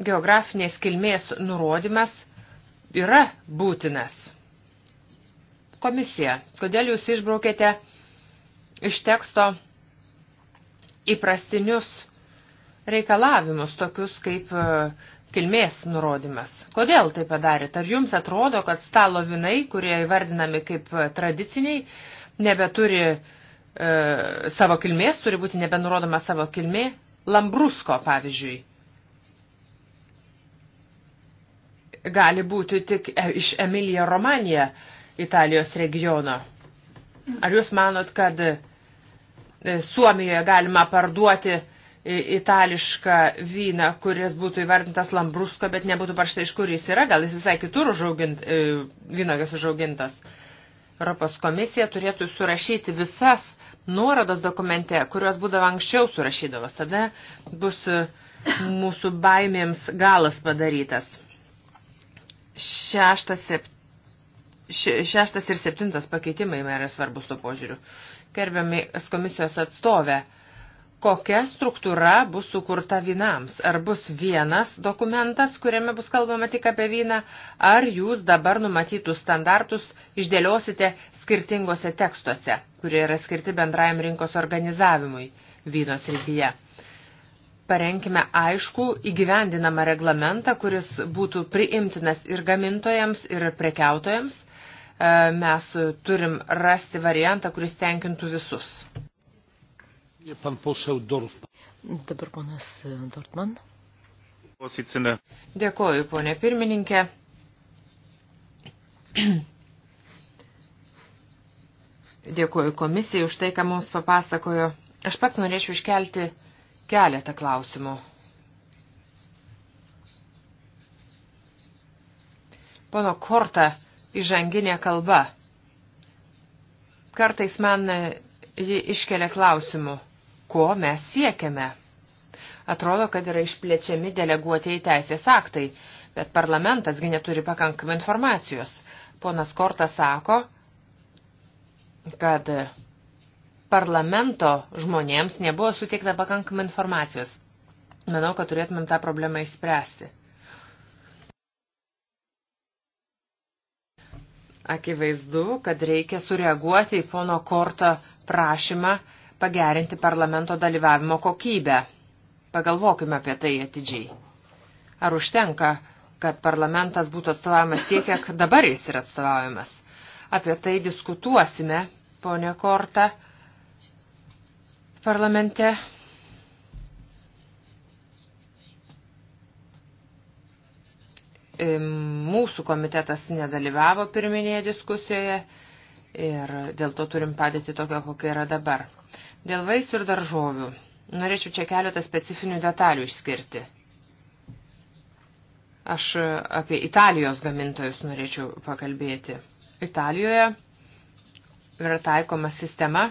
geografinės kilmės nurodymas yra būtinas. Komisija, kodėl jūs išbraukėte iš teksto įprastinius reikalavimus, tokius kaip e, kilmės nurodymas. Kodėl tai padarėt? Ar jums atrodo, kad stalo vinai, kurie įvardinami kaip e, tradiciniai, nebeturi e, savo kilmės, turi būti nebenurodoma savo kilmė? Lambrusko, pavyzdžiui, gali būti tik e, iš Emilija Romanija Italijos regiono. Ar jūs manot, kad e, Suomijoje galima parduoti e, itališką vyną, kuris būtų įvardintas lambrusko, bet nebūtų parašta, iš kur jis yra, gal jis visai kitur užaugint, vynogės užaugintas. Europos komisija turėtų surašyti visas nuorodas dokumente, kurios būdavo anksčiau surašydavas. Tada bus mūsų baimėms galas padarytas. Šeštas, sept, šeštas ir septintas pakeitimai yra svarbus to požiūriu. Kerbiami komisijos atstovė, kokia struktūra bus sukurta vynams? Ar bus vienas dokumentas, kuriame bus kalbama tik apie vyną, ar jūs dabar numatytus standartus išdėliosite skirtingose tekstuose, kurie yra skirti bendrajam rinkos organizavimui vynos rytyje? parenkime aišku įgyvendinamą reglamentą, kuris būtų priimtinas ir gamintojams, ir prekiautojams. E, mes turim rasti variantą, kuris tenkintų visus. Dabar ponas e, Dortman. Dėkoju, ponė pirmininkė. Dėkoju komisijai už tai, ką mums papasakojo. Aš pats norėčiau iškelti keletą klausimų. Pono Korta įžanginė kalba. Kartais man e, ji iškelia klausimų, ko mes siekiame. Atrodo, kad yra išplečiami deleguotieji teisės aktai, bet parlamentasgi neturi pakankamai informacijos. Ponas Kortas sako, kad parlamento žmonėms nebuvo suteikta pakankamai informacijos. Manau, kad turėtumėm tą problemą išspręsti. Akivaizdu, kad reikia sureaguoti į pono Korto prašymą pagerinti parlamento dalyvavimo kokybę. Pagalvokime apie tai atidžiai. Ar užtenka, kad parlamentas būtų atstovaujamas tiek, kiek dabar jis yra atstovaujamas? Apie tai diskutuosime, ponė Korta parlamente. Mūsų komitetas nedalyvavo pirminėje diskusijoje ir dėl to turim padėti tokią, kokia yra dabar. Dėl vaisių ir daržovių. Norėčiau čia keletą specifinių detalių išskirti. Aš apie Italijos gamintojus norėčiau pakalbėti. Italijoje yra taikoma sistema,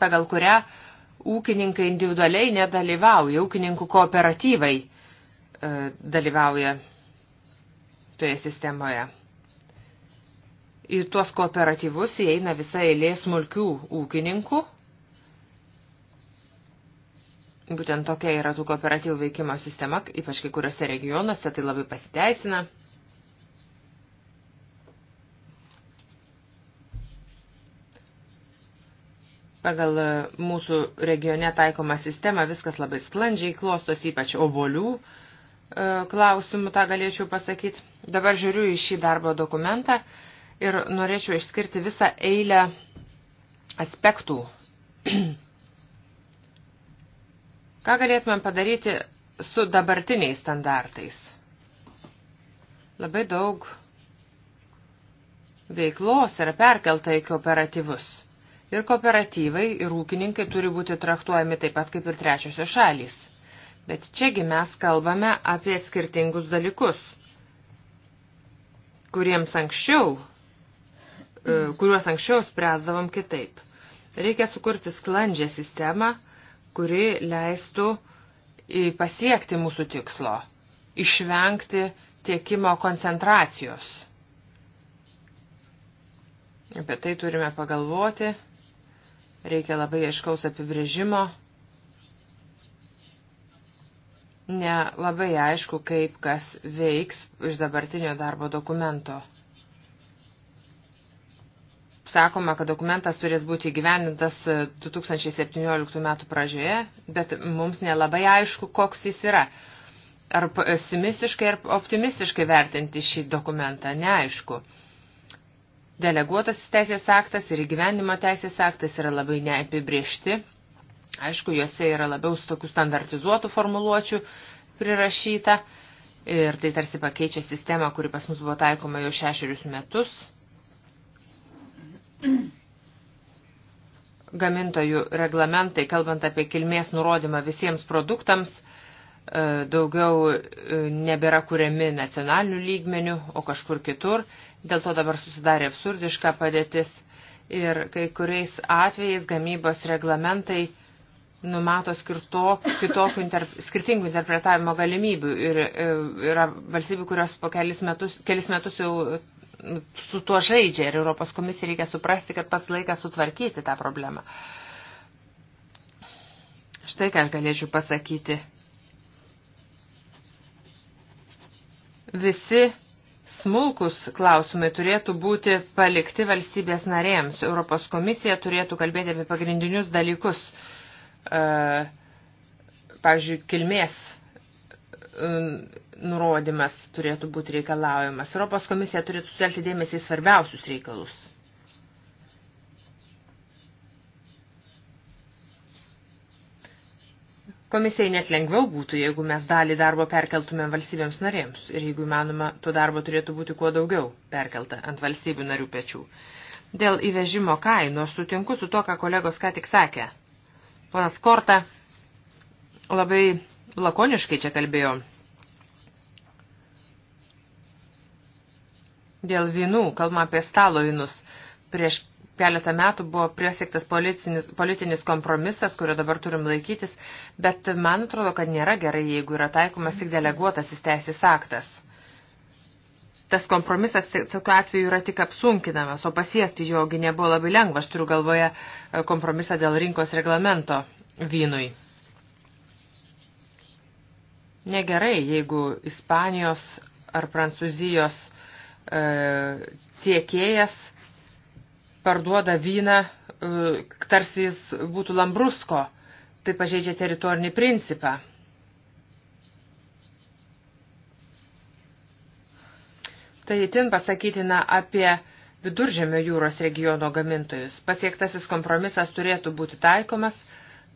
pagal kurią uh, Ūkininkai individualiai nedalyvauja, ūkininkų kooperatyvai e, dalyvauja toje sistemoje. Į tuos kooperatyvus įeina visa eilė smulkių ūkininkų. Būtent tokia yra tų kooperatyvų veikimo sistema, ypač kai kuriuose regionuose tai labai pasiteisina. Pagal e, mūsų regione taikomą sistemą viskas labai sklandžiai klostos, ypač obolių e, klausimų, tą galėčiau pasakyti. Dabar žiūriu į šį darbo dokumentą ir norėčiau išskirti visą eilę aspektų. [clears throat] Ką galėtumėm padaryti su dabartiniais standartais? Labai daug veiklos yra perkelta į kooperatyvus. Ir kooperatyvai, ir ūkininkai turi būti traktuojami taip pat kaip ir trečiosios šalys. Bet čiagi mes kalbame apie skirtingus dalykus, kuriems anksčiau, e, kuriuos anksčiau spręsdavom kitaip. Reikia sukurti sklandžią sistemą, kuri leistų pasiekti mūsų tikslo, išvengti tiekimo koncentracijos. Apie tai turime pagalvoti Reikia labai aiškaus apibrėžimo. Nelabai aišku, kaip kas veiks iš dabartinio darbo dokumento. Sakoma, kad dokumentas turės būti gyvenintas 2017 e, metų pradžioje, bet mums nelabai aišku, koks jis yra. Ar pesimistiškai, ar optimistiškai vertinti šį dokumentą, neaišku. Deleguotas teisės aktas ir įgyvendimo teisės aktas yra labai neapibriešti. Aišku, juose yra labiau tokių standartizuotų formuluočių prirašyta ir tai tarsi pakeičia sistemą, kuri pas mus buvo taikoma jau šešerius metus. Gamintojų reglamentai, kalbant apie kilmės nurodymą visiems produktams, E, daugiau e, nebėra kuriami nacionalinių lygmenių, o kažkur kitur. Dėl to dabar susidarė absurdiška padėtis ir kai kuriais atvejais gamybos reglamentai numato skirtok, kitokių interp, skirtingų interpretavimo galimybių ir e, yra valstybių, kurios po kelis metus, kelis metus jau su tuo žaidžia ir Europos komisija reikia suprasti, kad pats laikas sutvarkyti tą problemą. Štai ką aš galėčiau pasakyti visi smulkus klausimai turėtų būti palikti valstybės narėms. Europos komisija turėtų kalbėti apie pagrindinius dalykus, e, pavyzdžiui, kilmės e, nurodymas turėtų būti reikalaujamas. Europos komisija turėtų sutelkti dėmesį į svarbiausius reikalus. Komisijai net lengviau būtų, jeigu mes dalį darbo perkeltumėm valstybėms narėms ir jeigu įmanoma, to darbo turėtų būti kuo daugiau perkelta ant valstybių narių pečių. Dėl įvežimo kainų aš sutinku su to, ką kolegos ką tik sakė. Ponas Korta labai lakoniškai čia kalbėjo. Dėl vynų, kalbama apie stalo vynus, prieš keletą metų buvo priesiektas politinis, politinis kompromisas, kurio dabar turim laikytis, bet man atrodo, kad nėra gerai, jeigu yra taikomas tik deleguotasis teisės aktas. Tas kompromisas tokiu atveju yra tik apsunkinamas, o pasiekti jogi nebuvo labai lengva. Aš turiu galvoje e, kompromisą dėl rinkos reglamento vynui. Negerai, jeigu Ispanijos ar Prancūzijos e, tiekėjas parduoda vyną, e, tarsi jis būtų lambrusko, tai pažeidžia teritorinį principą. Tai itin pasakytina apie viduržėmio jūros regiono gamintojus. Pasiektasis kompromisas turėtų būti taikomas,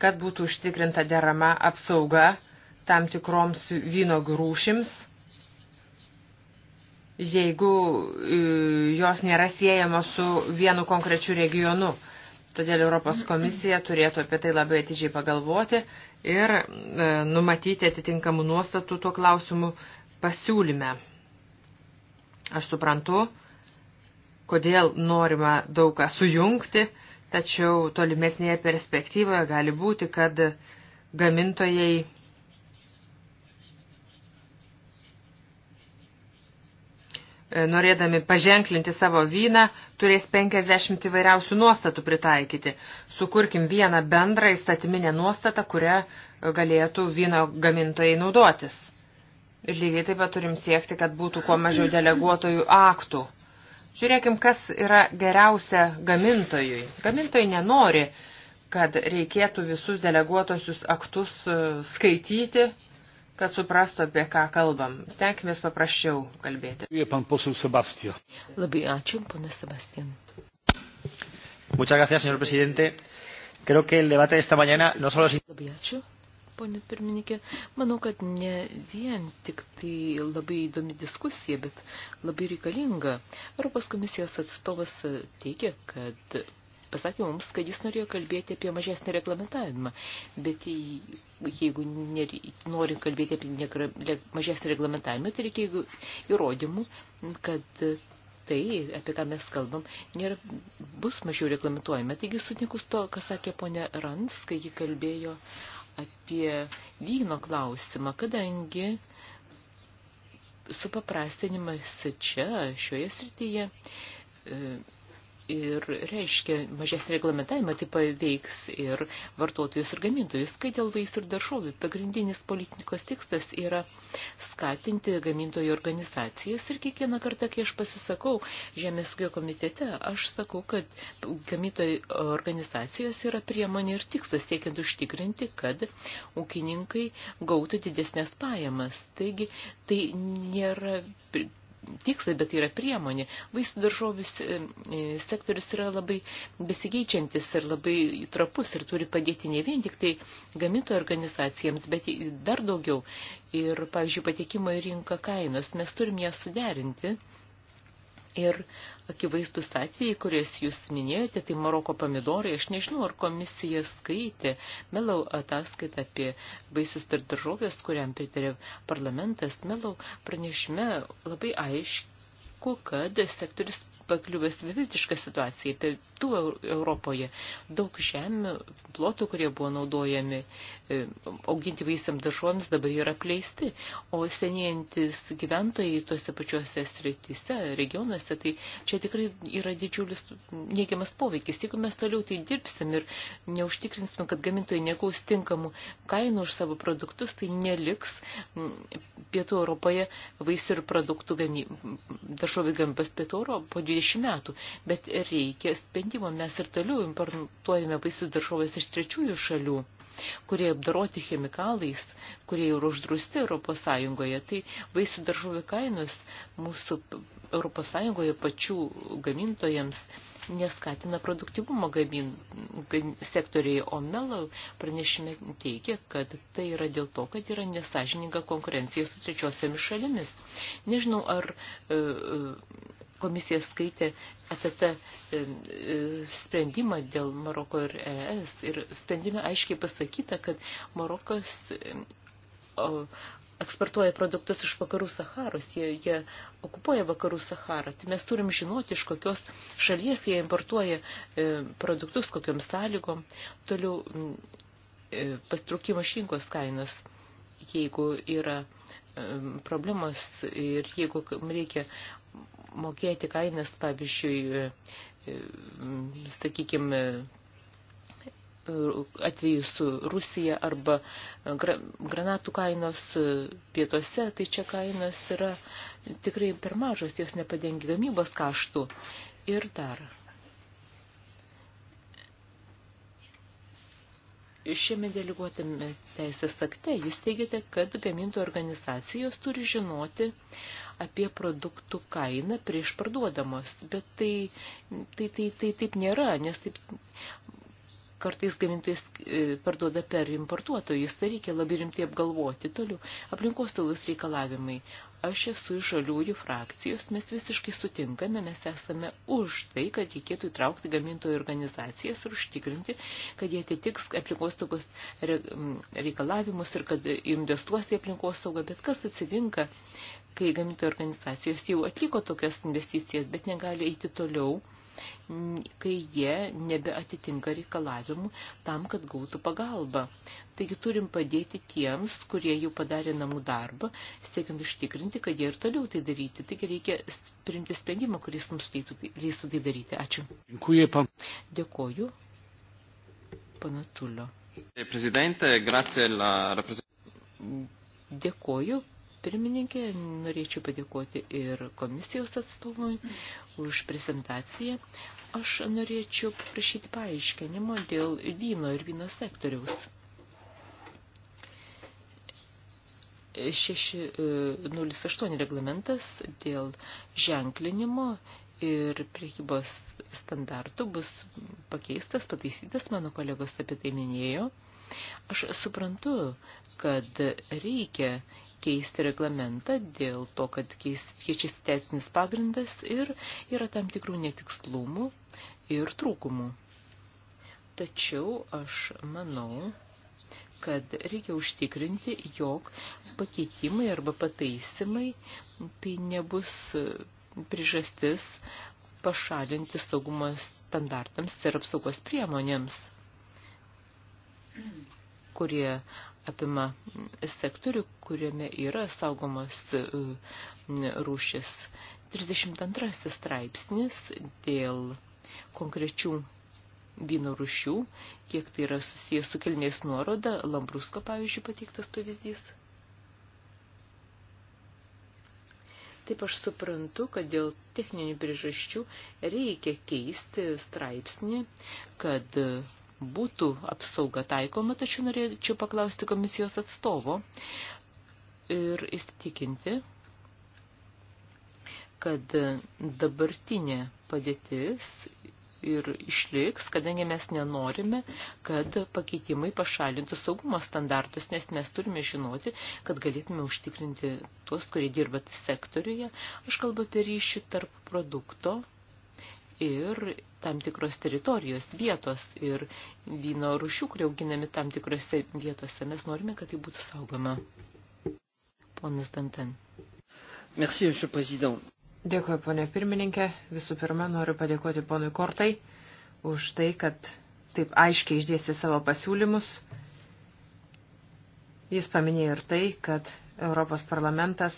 kad būtų užtikrinta derama apsauga tam tikroms vyno grūšims – jeigu e, jos nėra siejamos su vienu konkrečiu regionu. Todėl Europos komisija turėtų apie tai labai atidžiai pagalvoti ir e, numatyti atitinkamų nuostatų tuo klausimu pasiūlyme. Aš suprantu, kodėl norima daug ką sujungti, tačiau tolimesnėje perspektyvoje gali būti, kad gamintojai E, norėdami paženklinti savo vyną, turės 50 įvairiausių nuostatų pritaikyti. Sukurkim vieną bendrą įstatyminę nuostatą, kurią e, galėtų vyno gamintojai naudotis. Ir lygiai taip pat turim siekti, kad būtų kuo mažiau deleguotojų aktų. Žiūrėkim, kas yra geriausia gamintojui. Gamintojai nenori, kad reikėtų visus deleguotosius aktus e, skaityti kad suprastų, apie ką kalbam. Stenkimės paprasčiau kalbėti. Labai ačiū, ponas Sebastian. Muchas gracias, señor presidente. Creo que el debate de esta mañana no solo es... Labai ačiū, ponė pirmininkė. Manau, kad ne vien tik tai labai įdomi diskusija, bet labai reikalinga. Europos komisijos atstovas teigia, kad pasakė mums, kad jis norėjo kalbėti apie mažesnį reglamentavimą, bet jeigu nori kalbėti apie mažesnį reglamentavimą, tai reikia įrodymų, kad tai, apie ką mes kalbam, nėra, bus mažiau reglamentuojama. Taigi sutinku su to, ką sakė ponė Rans, kai ji kalbėjo apie vyno klausimą, kadangi supaprastinimas čia, šioje srityje, e, ir reiškia mažesnį reglamentavimą, tai paveiks ir vartotojus ir gamintojus. Kai dėl vaisių ir daržovių, pagrindinis politikos tikslas yra skatinti gamintojų organizacijas ir kiekvieną kartą, kai aš pasisakau Žemės ūkio komitete, aš sakau, kad gamintojų organizacijos yra priemonė ir tikslas siekiant užtikrinti, kad ūkininkai gautų didesnės pajamas. Taigi tai nėra tikslai, bet tai yra priemonė. Vaistų daržovis e, sektorius yra labai besigeičiantis ir labai trapus ir turi padėti ne vien tik tai gaminto organizacijams, bet dar daugiau. Ir, pavyzdžiui, patekimo į rinką kainos. Mes turim ją suderinti Ir akivaizdus atvejai, kuriais jūs minėjote, tai Maroko pomidorai, aš nežinau, ar komisija skaitė Melau ataskaitą apie vaisius ir daržovės, kuriam pritarė parlamentas. Melau pranešime labai aiškiai kad sektorius pakliuvęs beviltišką situaciją pietų Europoje. Daug žemių, plotų, kurie buvo naudojami e, auginti vaisiam daržovėms, dabar yra pleisti, o senėjantis gyventojai tose pačiose sritise, regionuose, tai čia tikrai yra didžiulis neigiamas poveikis. Jeigu mes toliau tai dirbsim ir neužtikrinsim, kad gamintojai negaus tinkamų kainų už savo produktus, tai neliks pietų Europoje vaisių ir produktų gamy, daržovių gamybos pietų Europoje 20 metų, bet reikia sprendimo. Mes ir toliau importuojame vaisius daržovės iš trečiųjų šalių kurie apdaroti chemikalais, kurie jau uždrausti Europos Sąjungoje. Tai vaisių daržovių kainos mūsų Europos Sąjungoje pačių gamintojams neskatina produktivumo gamin, gam, sektoriai, o Melo pranešime teigia, kad tai yra dėl to, kad yra nesažininga konkurencija su trečiosiomis šalimis. Nežinau, ar e, e, komisija skaitė ETT e, e, sprendimą dėl Maroko ir ES. Ir sprendime aiškiai pasakyta, kad Marokas e, eksportuoja produktus iš vakarų Saharos, jie, jie okupuoja vakarų Saharą. Tai mes turim žinoti, iš kokios šalies jie importuoja e, produktus, kokiam sąlygom. Toliau e, pastrukimas šinkos kainos, jeigu yra e, problemos ir jeigu reikia mokėti kainas, pavyzdžiui, e, sakykime, atveju su Rusija arba granatų kainos pietuose, tai čia kainos yra tikrai per mažos, jos nepadengia gamybos kaštų. Ir dar. Šiame deleguotame teisės akte jūs teigiate, kad gamintojų organizacijos turi žinoti, apie produktų kainą prieš parduodamos, bet tai, tai, tai, tai taip nėra, nes taip kartais gamintojas e, parduoda per importuotojus, tai reikia labai rimtai apgalvoti. Toliau, aplinkos taulus reikalavimai. Aš esu iš žaliųjų frakcijos, mes visiškai sutinkame, mes esame už tai, kad reikėtų įtraukti gamintojų organizacijas ir užtikrinti, kad jie atitiks aplinkos saugos reikalavimus ir kad investuos į aplinkos saugą. Bet kas atsitinka, kai gamintojų organizacijos jau atliko tokias investicijas, bet negali eiti toliau? kai jie nebeatitinka reikalavimų tam, kad gautų pagalbą. Taigi turim padėti tiems, kurie jau padarė namų darbą, siekiant užtikrinti, kad jie ir toliau tai daryti. Taigi reikia priimti sprendimą, kuris mums leistų tai, tai daryti. Ačiū. Dėkuoju. Panatulio. Dėkuoju pirmininkė. Norėčiau padėkoti ir komisijos atstovui už prezentaciją. Aš norėčiau prašyti paaiškinimo dėl vyno ir vyno sektoriaus. 608 e, reglamentas dėl ženklinimo ir priekybos standartų bus pakeistas, pataisytas, mano kolegos apie tai minėjo. Aš suprantu, kad reikia keisti reglamentą dėl to, kad keičiasi teisinis pagrindas ir yra tam tikrų netikslumų ir trūkumų. Tačiau aš manau, kad reikia užtikrinti, jog pakeitimai arba pataisimai tai nebus priežastis pašalinti saugumo standartams ir apsaugos priemonėms, kurie apima sektorių, kuriame yra saugomos e, rūšis. 32 straipsnis dėl konkrečių vyno rūšių, kiek tai yra susijęs su kilmės nuoroda, Lambrusko, pavyzdžiui, pateiktas pavyzdys. Taip aš suprantu, kad dėl techninių priežasčių reikia keisti straipsnį, kad būtų apsauga taikoma, tačiau norėčiau paklausti komisijos atstovo ir įsitikinti, kad dabartinė padėtis ir išliks, kadangi mes nenorime, kad pakeitimai pašalintų saugumo standartus, nes mes turime žinoti, kad galėtume užtikrinti tuos, kurie dirba sektoriuje. Aš kalbu apie ryšį tarp produkto ir tam tikros teritorijos, vietos ir vyno rušių, kurie auginami tam tikrose vietose. Mes norime, kad tai būtų saugoma. Ponas Danten. Merci, monsieur président. Dėkuoju, ponė pirmininkė. Visų pirma, noriu padėkoti ponui Kortai už tai, kad taip aiškiai išdėsi savo pasiūlymus. Jis paminėjo ir tai, kad Europos parlamentas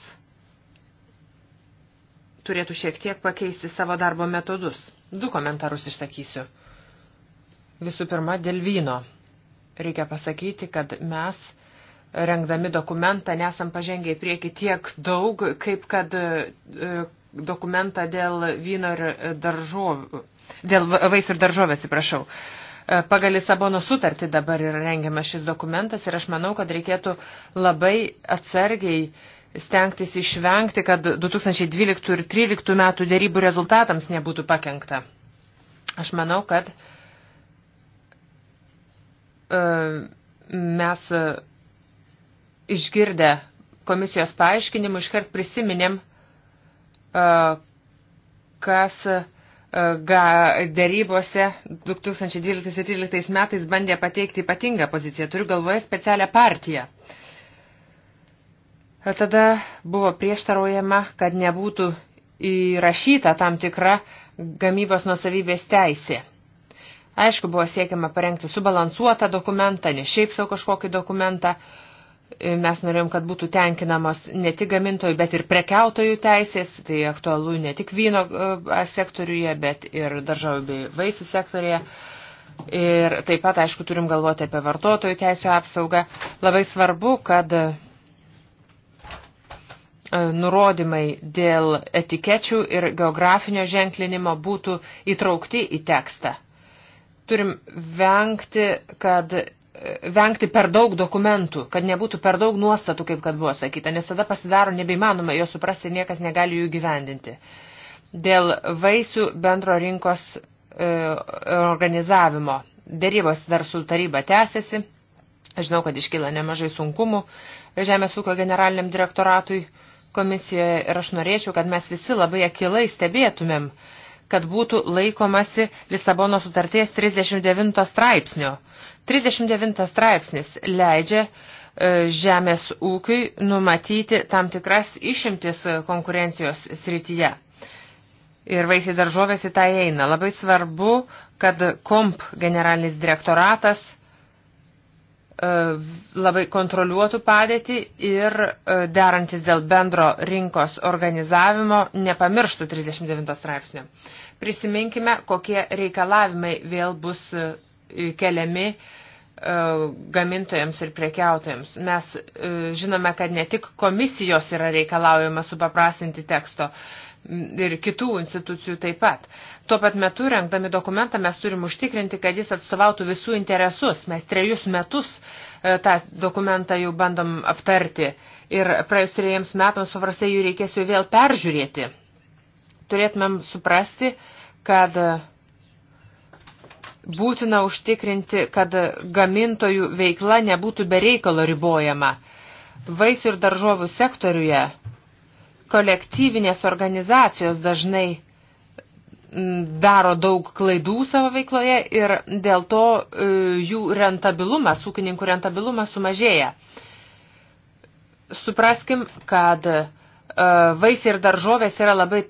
turėtų šiek tiek pakeisti savo darbo metodus. Du komentarus išsakysiu. Visų pirma, dėl vyno. Reikia pasakyti, kad mes rengdami dokumentą nesam pažengę į priekį tiek daug, kaip kad e, dokumentą dėl vyno ir daržovių, dėl vaisių ir daržovės, atsiprašau. E, pagal Lisabono sutartį dabar yra rengiamas šis dokumentas ir aš manau, kad reikėtų labai atsargiai stengtis išvengti, kad 2012 ir 2013 metų dėrybų rezultatams nebūtų pakengta. Aš manau, kad e, mes e, išgirdę komisijos paaiškinimų iškart prisiminėm, e, kas darybose 2012-2013 metais bandė pateikti ypatingą poziciją. Turiu galvoje specialią partiją. Uh, Tada buvo prieštaraujama, kad nebūtų įrašyta tam tikra gamybos nusavybės teisė. Aišku, buvo siekiama parengti subalansuotą dokumentą, ne šiaip savo kažkokį dokumentą. Mes norėjom, kad būtų tenkinamos ne tik gamintojų, bet ir prekiautojų teisės. Tai aktualu ne tik vyno e, sektoriuje, bet ir daržovių bei vaisių sektoriuje. Ir taip pat, aišku, turim galvoti apie vartotojų teisų apsaugą. Labai svarbu, kad E, nurodymai dėl etikečių ir geografinio ženklinimo būtų įtraukti į tekstą. Turim vengti, kad e, vengti per daug dokumentų, kad nebūtų per daug nuostatų, kaip kad buvo sakyta, nes tada pasidaro nebeįmanoma, jo suprasti niekas negali jų gyvendinti. Dėl vaisių bendro rinkos e, organizavimo. Dėrybos dar su taryba tęsiasi. Žinau, kad iškyla nemažai sunkumų Žemės ūkio generaliniam direktoratui. E, komisijoje ir aš norėčiau, kad mes visi labai akilai stebėtumėm, kad būtų laikomasi Lisabono sutarties 39 straipsnio. 39 straipsnis leidžia e, žemės ūkiui numatyti tam tikras išimtis konkurencijos srityje. Ir vaisiai daržovės į tą eina. Labai svarbu, kad komp generalinis direktoratas – E, labai kontroliuotų padėtį ir e, derantis dėl bendro rinkos organizavimo nepamirštų 39 straipsnio. Prisiminkime, kokie reikalavimai vėl bus e, keliami gamintojams ir prekiautojams. Mes žinome, kad ne tik komisijos yra reikalaujama supaprastinti teksto, ir kitų institucijų taip pat. Tuo pat metu, renkdami dokumentą, mes turim užtikrinti, kad jis atstovautų visų interesus. Mes trejus metus e, tą dokumentą jau bandom aptarti ir praėjus trejiems metams paprastai jų reikės jau vėl peržiūrėti. Turėtumėm suprasti, kad e, būtina užtikrinti, kad gamintojų veikla nebūtų bereikalo ribojama. Vaisių ir daržovių sektoriuje kolektyvinės organizacijos dažnai daro daug klaidų savo veikloje ir dėl to e, jų rentabilumas, ūkininkų rentabilumas sumažėja. Supraskim, kad e, vaisiai ir daržovės yra labai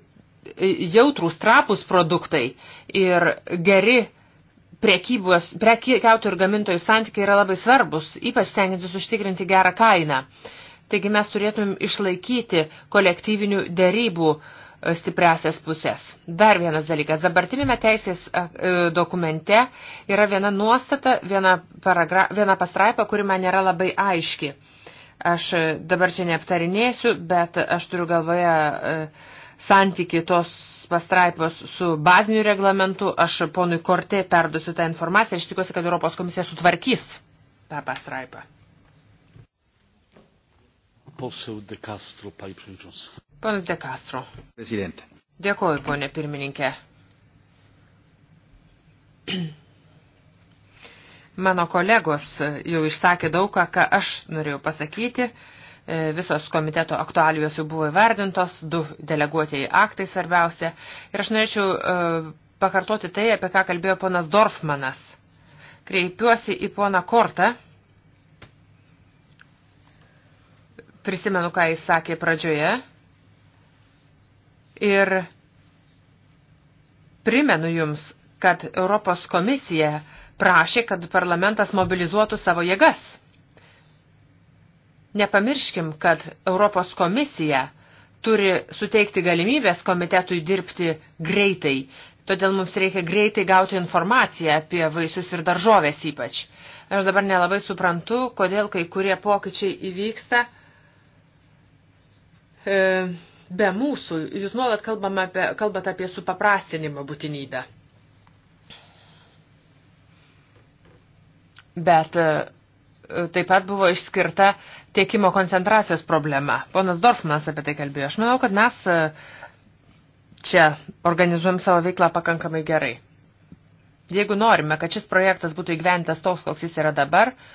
jautrūs, trapus produktai ir geri prekybos, prekiautojų ir gamintojų santykiai yra labai svarbus, ypač stengiantis užtikrinti gerą kainą. Uh, Taigi mes turėtumėm išlaikyti kolektyvinių dėrybų e, stipresias pusės. Dar vienas dalykas. Dabartinėme teisės e, e, dokumente yra viena nuostata, viena, paragra, viena pastraipa, kuri man nėra labai aiški. Aš dabar čia neaptarinėsiu, bet aš turiu galvoje santyki tos pastraipos su baziniu reglamentu. Aš ponui Kortė perdusiu tą informaciją ir aš tikiuosi, kad Europos komisija sutvarkys tą pastraipą poseł De Castro, pani przewodnicząca. Panas De Castro. Prezidentė. Dėkoju, ponė pirmininkė. [clears throat] Mano kolegos jau išsakė daug, ką aš norėjau pasakyti. E, visos komiteto aktualijos jau buvo įvardintos, du deleguotieji aktai svarbiausia. Ir aš norėčiau e, pakartoti tai, apie ką kalbėjo ponas Dorfmanas. Kreipiuosi į poną Kortą Prisimenu, ką jis sakė pradžioje. Ir primenu jums, kad Europos komisija prašė, kad parlamentas mobilizuotų savo jėgas. Nepamirškim, kad Europos komisija turi suteikti galimybės komitetui dirbti greitai, todėl mums reikia greitai gauti informaciją apie vaisius ir daržovės ypač. Aš dabar nelabai suprantu, kodėl kai kurie pokyčiai įvyksta E, be mūsų. Jūs nuolat apie, kalbate apie supaprastinimo būtinybę. Bet e, taip pat buvo išskirta tiekimo koncentracijos problema. Ponas Dorfmanas apie tai kalbėjo. Aš manau, kad mes e, čia organizuojam savo veiklą pakankamai gerai. Jeigu norime, kad šis projektas būtų įgyventas toks, koks jis yra dabar, uh,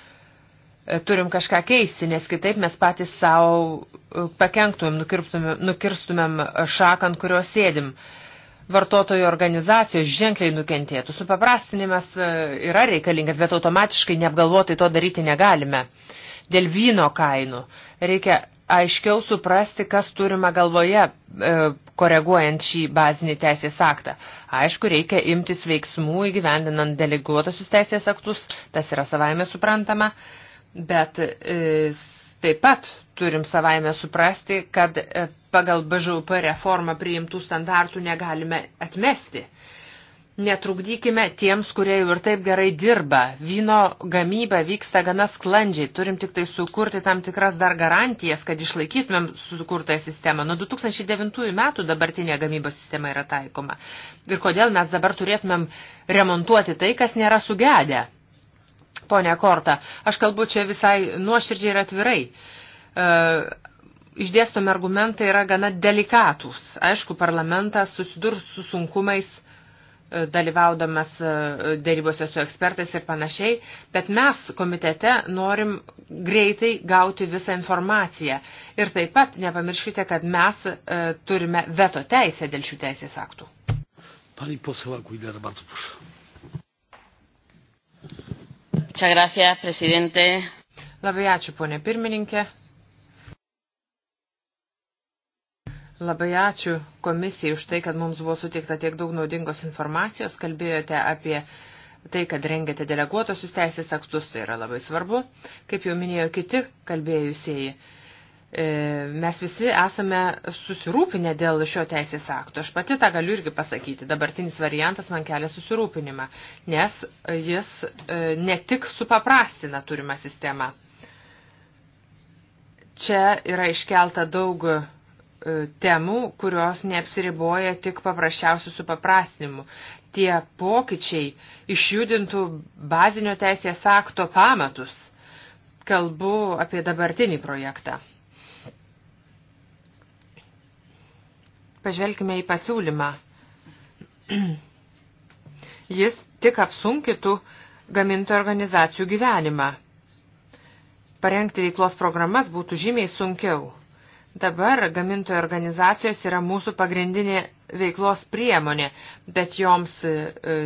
E, turim kažką keisti, nes kitaip mes patys savo e, pakenktumėm, nukirstumėm šaką, ant kurio sėdim. Vartotojų organizacijos ženkliai nukentėtų. Supaprastinimas e, yra reikalingas, bet automatiškai neapgalvotai to daryti negalime. Dėl vyno kainų reikia aiškiau suprasti, kas turima galvoje, koreguojant šį bazinį teisės aktą. Aišku, reikia imtis veiksmų įgyvendinant deleguotusius teisės aktus, tas yra savaime suprantama. Bet e, taip pat turim savaime suprasti, kad e, pagal BŽUP reformą priimtų standartų negalime atmesti. Netrukdykime tiems, kurie jau ir taip gerai dirba. Vyno gamyba vyksta gana sklandžiai. Turim tik tai sukurti tam tikras dar garantijas, kad išlaikytumėm sukurtąją sistemą. Nuo 2009 metų dabartinė gamybos sistema yra taikoma. Ir kodėl mes dabar turėtumėm remontuoti tai, kas nėra sugedę? Pone Korta, aš kalbu čia visai nuoširdžiai ir atvirai. E, išdėstomi argumentai yra gana delikatūs. Aišku, parlamentas susidurs su sunkumais e, dalyvaudamas e, dėrybose su ekspertais ir panašiai, bet mes komitete norim greitai gauti visą informaciją. Ir taip pat nepamirškite, kad mes turime veto teisę dėl šių teisės aktų. Pani posėla Guilera, bardzo proszę. Muchas gracias, prezidente. Labai ačiū, ponė pirmininkė. Labai ačiū komisijai už tai, kad mums buvo suteikta tiek daug naudingos informacijos. Kalbėjote apie tai, kad rengiate deleguotosius teisės aktus, tai yra labai svarbu. Kaip jau minėjo kiti kalbėjusieji, E, mes visi esame susirūpinę dėl šio teisės akto. Aš pati tą galiu irgi pasakyti. Dabartinis variantas man kelia susirūpinimą, nes jis e, ne tik supaprastina turimą sistemą. Čia yra iškelta daug e, temų, kurios neapsiriboja tik paprasčiausių supaprastinimu. Tie pokyčiai išjudintų bazinio teisės akto pamatus. Kalbu apie dabartinį projektą. pažvelkime į pasiūlymą. Jis tik apsunkitų gamintojų organizacijų gyvenimą. Parengti veiklos programas būtų žymiai sunkiau. Dabar gamintojų organizacijos yra mūsų pagrindinė veiklos priemonė, bet joms e, e,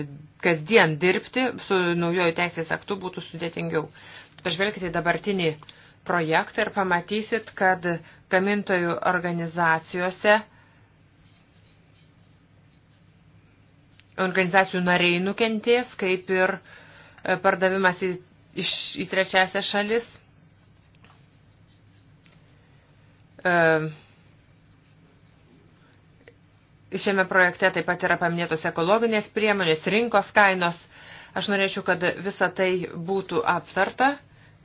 kasdien dirbti su naujoju teisės aktu būtų sudėtingiau. Pažvelkite dabartinį projektą ir pamatysit, kad gamintojų organizacijose organizacijų nariai nukentės, kaip ir e, pardavimas į, iš, į trečiasią šalis. E, šiame projekte taip pat yra paminėtos ekologinės priemonės, rinkos kainos. Aš norėčiau, kad visa tai būtų aptarta,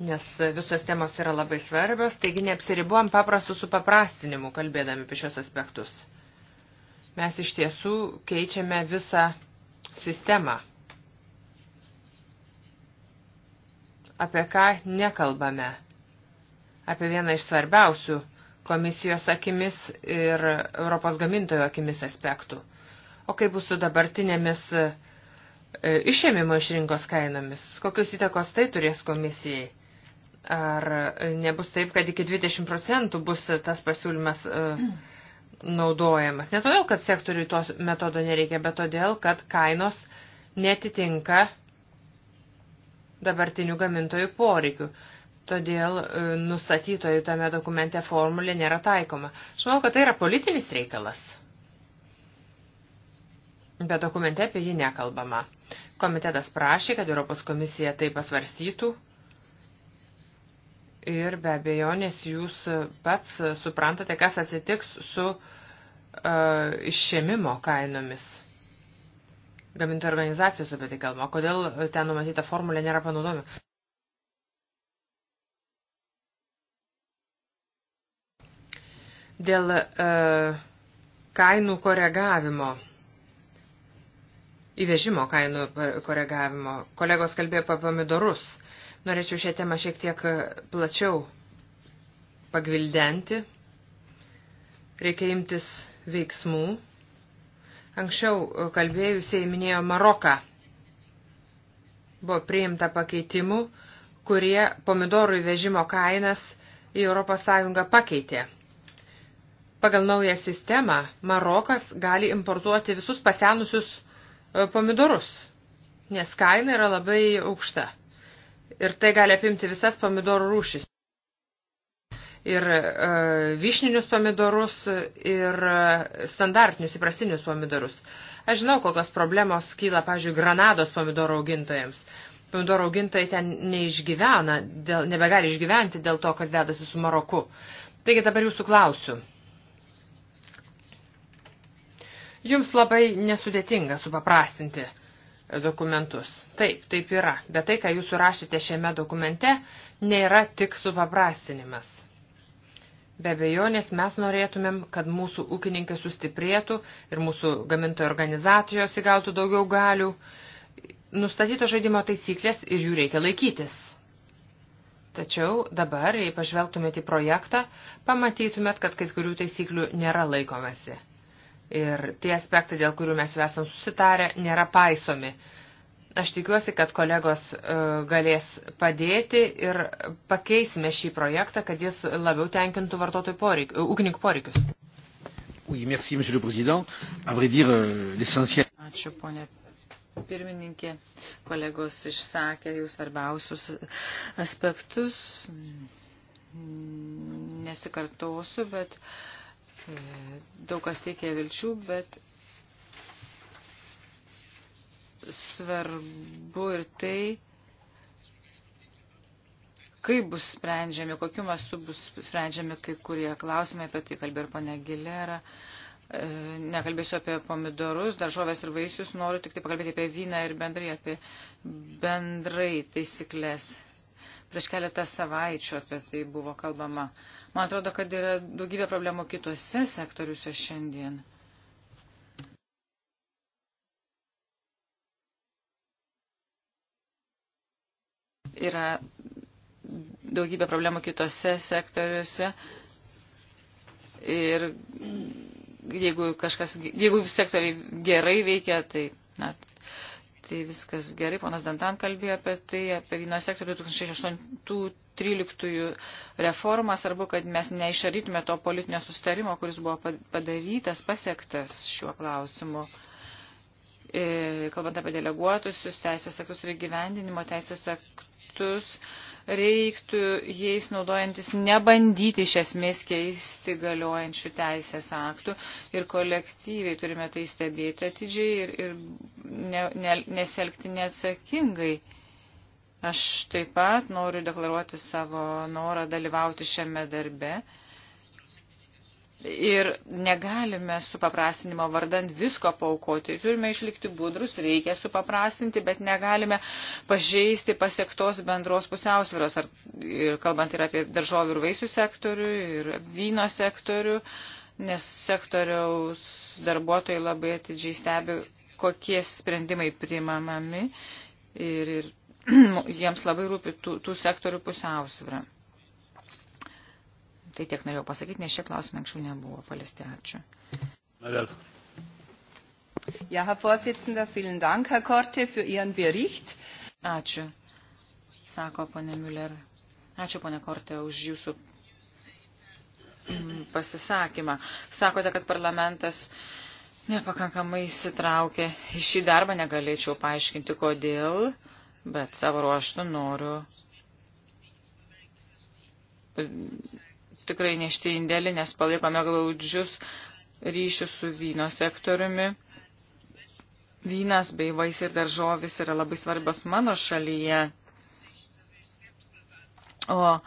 nes visos temos yra labai svarbios, taigi neapsiribuom paprastų supaprastinimu kalbėdami apie šios aspektus. Mes iš tiesų keičiame visą sistemą. Apie ką nekalbame? Apie vieną iš svarbiausių komisijos akimis ir Europos gamintojo akimis aspektų. O kaip bus su dabartinėmis e, išėmimo iš rinkos kainomis? Kokius įtakos tai turės komisijai? Ar nebus taip, kad iki 20 procentų bus tas pasiūlymas uh, naudojamas. Ne todėl, kad sektoriui tos metodo nereikia, bet todėl, kad kainos netitinka dabartinių gamintojų poreikių. Todėl e, nustatytojų tame dokumente formulė nėra taikoma. Aš manau, kad tai yra politinis reikalas. Bet dokumente apie jį nekalbama. Komitetas prašė, kad Europos komisija tai pasvarstytų ir be abejonės jūs pats suprantate, kas atsitiks su uh, išėmimo kainomis. Gamintojų organizacijos apie tai kalbama. Kodėl ten numatyta formulė nėra panaudojama? Dėl uh, kainų koregavimo įvežimo kainų koregavimo. Kolegos kalbėjo apie pomidorus. Norėčiau šią temą šiek tiek e, plačiau pagvildenti. Reikia imtis veiksmų. Anksčiau e, kalbėjusiai minėjo Maroką. Buvo priimta pakeitimų, kurie pomidorų įvežimo kainas į ES pakeitė. Pagal naują sistemą Marokas gali importuoti visus pasenusius e, pomidorus, nes kaina yra labai aukšta ir tai gali apimti visas pomidorų rūšis. Ir e, vyšninius pomidorus, ir e, standartinius, įprastinius pomidorus. Aš žinau, kokios problemos kyla, pažiūrėjau, Granados pomidorų augintojams. Pomidorų augintojai ten neišgyvena, dėl, nebegali išgyventi dėl to, kas dedasi su Maroku. Taigi dabar jūsų klausiu. Jums labai nesudėtinga supaprastinti dokumentus. Taip, taip yra. Bet tai, ką jūs rašėte šiame dokumente, nėra tik supaprastinimas. Be abejonės mes norėtumėm, kad mūsų ūkininkai sustiprėtų ir mūsų gamintojų organizacijos įgautų daugiau galių. Nustatyto žaidimo taisyklės ir jų reikia laikytis. Tačiau dabar, jei pažvelgtumėte į projektą, pamatytumėt, kad kai kurių taisyklių nėra laikomasi. Ir tie aspektai, dėl kurių mes jau esam susitarę, nėra paisomi. Aš tikiuosi, kad kolegos e, galės padėti ir pakeisime šį projektą, kad jis labiau tenkintų vartotojų poreik, ūkininkų poreikius. Oui, merci, monsieur le président. À vrai dire, euh, l'essentiel. Ačiū, ponė pirmininkė. Kolegos išsakė jau svarbiausius aspektus. Nesikartosiu, bet uh, daug kas teikia vilčių, bet svarbu ir tai, kaip bus sprendžiami, kokiu mastu bus sprendžiami kai kurie klausimai, apie tai kalbė ir ponia Gilera. E, nekalbėsiu apie pomidorus, daržovės ir vaisius, noriu tik tai pakalbėti apie vyną ir bendrai, apie bendrai taisyklės. Prieš keletą savaičių apie tai buvo kalbama. Man atrodo, kad yra daugybė problemų kitose sektoriuose šiandien. Yra daugybė problemų kitose sektoriuose ir jeigu, kažkas, jeigu sektoriai gerai veikia, tai na, tai viskas gerai. Ponas Dantan kalbėjo apie tai, apie vyno sektorių 2008-2013 reformą. Svarbu, kad mes neišarytume to politinio sustarimo, kuris buvo padarytas, pasiektas šiuo klausimu. E, kalbant apie deleguotusius teisės aktus ir gyvendinimo teisės aktus, reiktų jais naudojantis nebandyti iš esmės keisti galiojančių teisės aktų ir kolektyviai turime tai stebėti atidžiai ir, ir ne, ne, neselgti neatsakingai. Aš taip pat noriu deklaruoti savo norą dalyvauti šiame darbe Ir negalime supaprastinimo vardant visko paukoti. Turime išlikti budrus, reikia supaprastinti, bet negalime pažeisti pasiektos bendros pusiausvėros, ar, ir kalbant ir apie daržovių ir vaisių sektorių, ir vyno sektorių, nes sektoriaus darbuotojai labai atidžiai stebi, kokie sprendimai primamami ir, ir [clears throat] jiems labai rūpi tų, tų sektorių pusiausvėra. Tai tiek norėjau pasakyti, nes šie klausimai anksčiau nebuvo paliesti. Ačiū. Adel. Ja, Herr Vorsitzender, vielen Dank, Herr Korte, für Ihren Bericht. Ačiū, sako ponė Müller. Ačiū, ponė Korte, už Jūsų mm, pasisakymą. Sakote, kad parlamentas nepakankamai įsitraukė į šį darbą, negalėčiau paaiškinti, kodėl, bet savo ruoštų noriu mm, tikrai nešti indėlį, nes palaikome glaudžius ryšius su vyno sektoriumi. Vynas bei vaisiai ir daržovis yra labai svarbios mano šalyje. O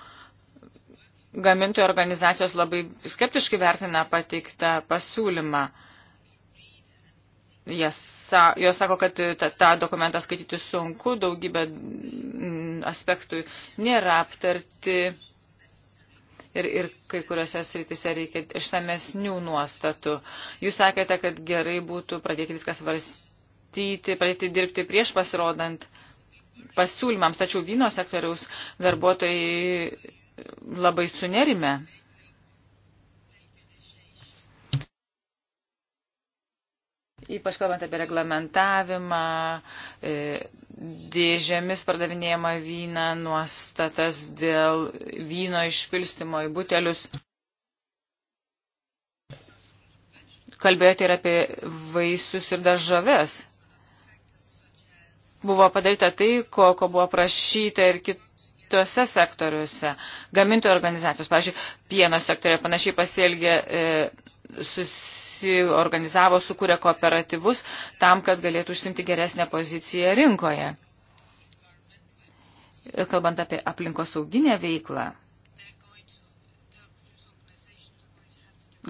gamintojų organizacijos labai skeptiškai vertina pateiktą pasiūlymą. Jas, jos sako, kad tą, tą dokumentą skaityti sunku, daugybė mm, aspektų nėra aptarti ir, ir kai kuriuose srityse reikia išsamesnių nuostatų. Jūs sakėte, kad gerai būtų pradėti viskas varstyti, pradėti dirbti prieš pasirodant pasiūlymams, tačiau vyno sektoriaus darbuotojai labai sunerime. ypač kalbant apie reglamentavimą, e, dėžėmis pardavinėjama vyną, nuostatas dėl vyno išpilstimo į butelius. Kalbėjote ir apie vaisius ir daržoves. Buvo padaryta tai, ko, ko buvo prašyta ir kitų kitose sektoriuose, gamintojų organizacijos, pavyzdžiui, pieno sektorė panašiai pasielgė e, sus, organizavo, sukūrė kooperatyvus tam, kad galėtų užsimti geresnę poziciją rinkoje. Kalbant apie aplinkosauginę veiklą,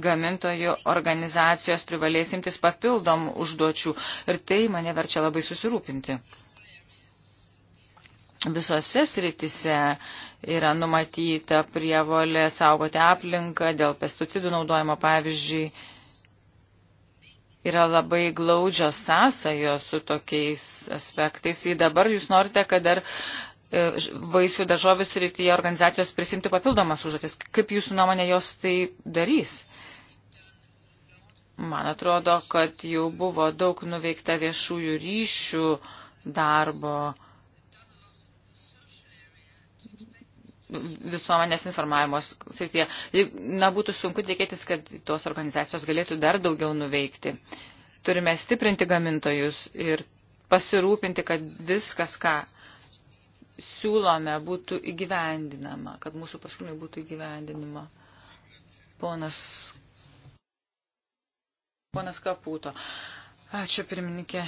gamintojų organizacijos privalės imtis papildomų užduočių ir tai mane verčia labai susirūpinti. Visose sritise yra numatyta prievolė saugoti aplinką dėl pesticidų naudojimo, pavyzdžiui, yra labai glaudžios sąsajos su tokiais aspektais. Į dabar jūs norite, kad dar e, vaisių daržovių srityje organizacijos prisimtų papildomas užduotis. Kaip jūsų nuomonė jos tai darys? Man atrodo, kad jau buvo daug nuveikta viešųjų ryšių darbo visuomenės informavimo srityje. Na, būtų sunku tikėtis, kad tos organizacijos galėtų dar daugiau nuveikti. Turime stiprinti gamintojus ir pasirūpinti, kad viskas, ką siūlome, būtų įgyvendinama, kad mūsų pasiūlymai būtų įgyvendinama. Ponas, ponas Kaputo. Ačiū, pirmininkė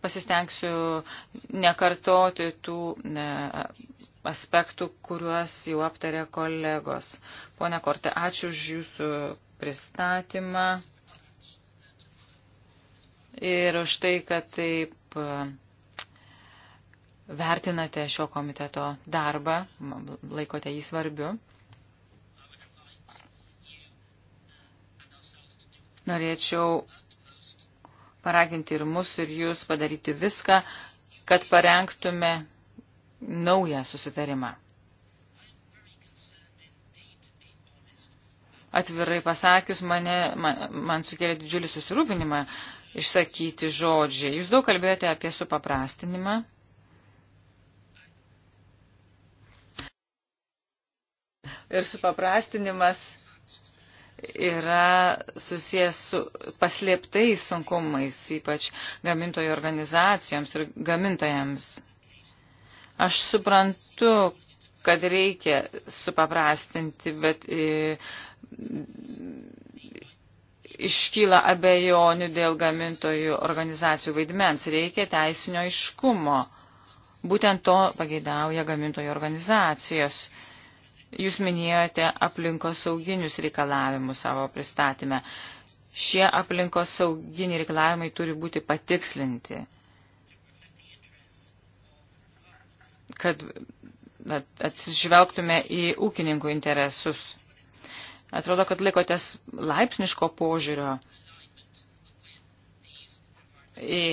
pasistengsiu nekartoti tų ne, aspektų, kuriuos jau aptarė kolegos. Pone Korte, ačiū už Jūsų pristatymą ir už tai, kad taip e, vertinate šio komiteto darbą, laikote jį svarbiu. Norėčiau paraginti ir mus, ir jūs padaryti viską, kad parengtume naują susitarimą. Atvirai pasakius, mane, man, man sukėlė didžiulį susirūpinimą išsakyti žodžiai. Jūs daug kalbėjote apie supaprastinimą. Ir supaprastinimas yra susijęs su paslėptais sunkumais, ypač gamintojų organizacijoms ir gamintojams. Aš suprantu, kad reikia supaprastinti, bet e, iškyla abejonių dėl gamintojų organizacijų vaidmens. Reikia teisinio iškumo. Būtent to pageidauja gamintojų organizacijos Jūs minėjote aplinkos sauginius reikalavimus savo pristatymę. Šie aplinkos sauginiai reikalavimai turi būti patikslinti, kad atsižvelgtume į ūkininkų interesus. Atrodo, kad laikotės laipsniško požiūrio į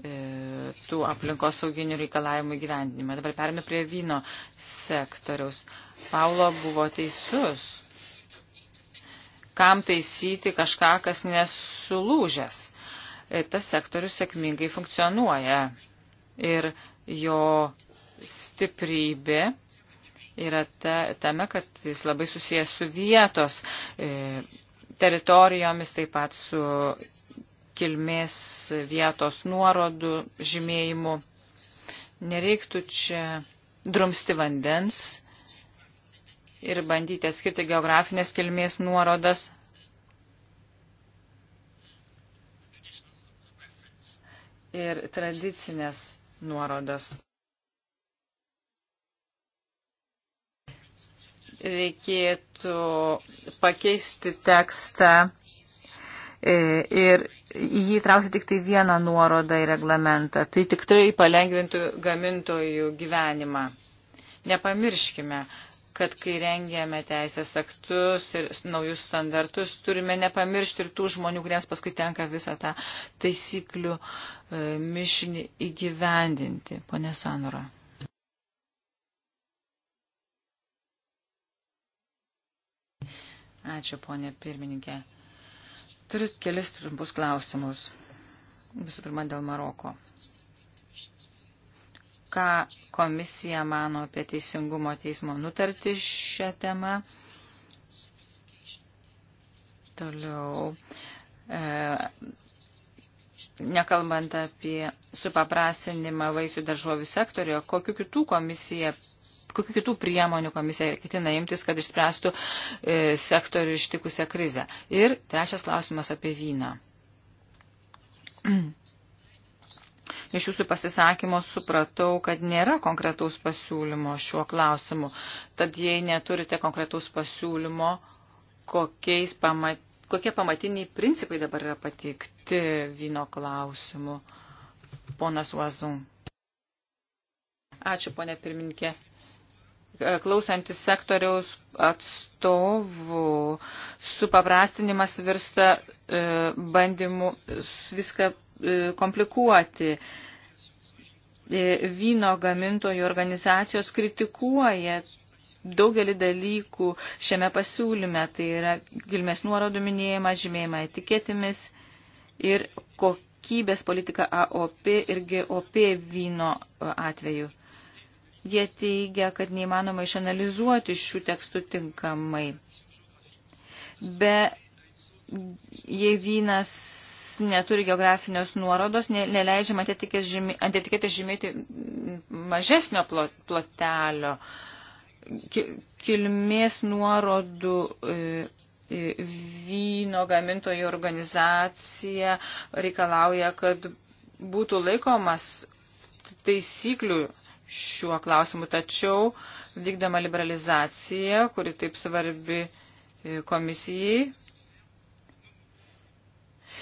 E, tų aplinkos sauginių reikalavimų gyvendinimą. Dabar perinu prie vyno sektoriaus. Paulo buvo teisus. Kam taisyti kažką, kas nesulūžęs? E, tas sektorius sėkmingai funkcionuoja ir jo stiprybė yra ta, tame, kad jis labai susijęs su vietos e, teritorijomis, taip pat su kilmės vietos nuorodų žymėjimų. Nereiktų čia drumsti vandens ir bandyti atskirti geografinės kilmės nuorodas. Ir tradicinės nuorodas. Reikėtų pakeisti tekstą E, ir jį įtraukti tik tai vieną nuorodą į reglamentą. Tai tikrai palengvintų gamintojų gyvenimą. Nepamirškime, kad kai rengėme teisės aktus ir naujus standartus, turime nepamiršti ir tų žmonių, kuriems paskui tenka visą tą taisyklių e, mišinį įgyvendinti. Pone Sanora. Ačiū, ponė pirmininkė. Turiu kelis trumpus klausimus. Visų pirma, dėl Maroko. Ką komisija mano apie teisingumo teismo nutartį šią temą? Toliau. E, nekalbant apie supaprastinimą vaisių daržovių sektorio, kokiu kitų komisija kokių kitų priemonių komisija ketina imtis, kad išspręstų e, sektorių ištikusią krizę. Ir trečias klausimas apie vyną. [clears throat] Iš jūsų pasisakymo supratau, kad nėra konkretaus pasiūlymo šiuo klausimu. Tad jei neturite konkretaus pasiūlymo, kokiais pamat, kokie pamatiniai principai dabar yra pateikti vyno klausimu, ponas Vazum. Ačiū, ponė pirminkė klausantis sektoriaus atstovų, supaprastinimas virsta e, bandymu viską e, komplikuoti. E, vyno gamintojų organizacijos kritikuoja daugelį dalykų šiame pasiūlyme, tai yra gilmės nuorodų minėjimas, žymėjimą etiketėmis ir kokybės politika AOP ir GOP vyno atveju. Jie teigia, kad neįmanoma išanalizuoti šių tekstų tinkamai. Be jei vynas neturi geografinės nuorodos, neleidžiama ant etiketės žymėti mažesnio plotelio. Kilmės nuorodų e, e, vyno gamintojų organizacija reikalauja, kad būtų laikomas taisyklių šiuo klausimu, tačiau vykdama liberalizacija, kuri taip svarbi e, komisijai.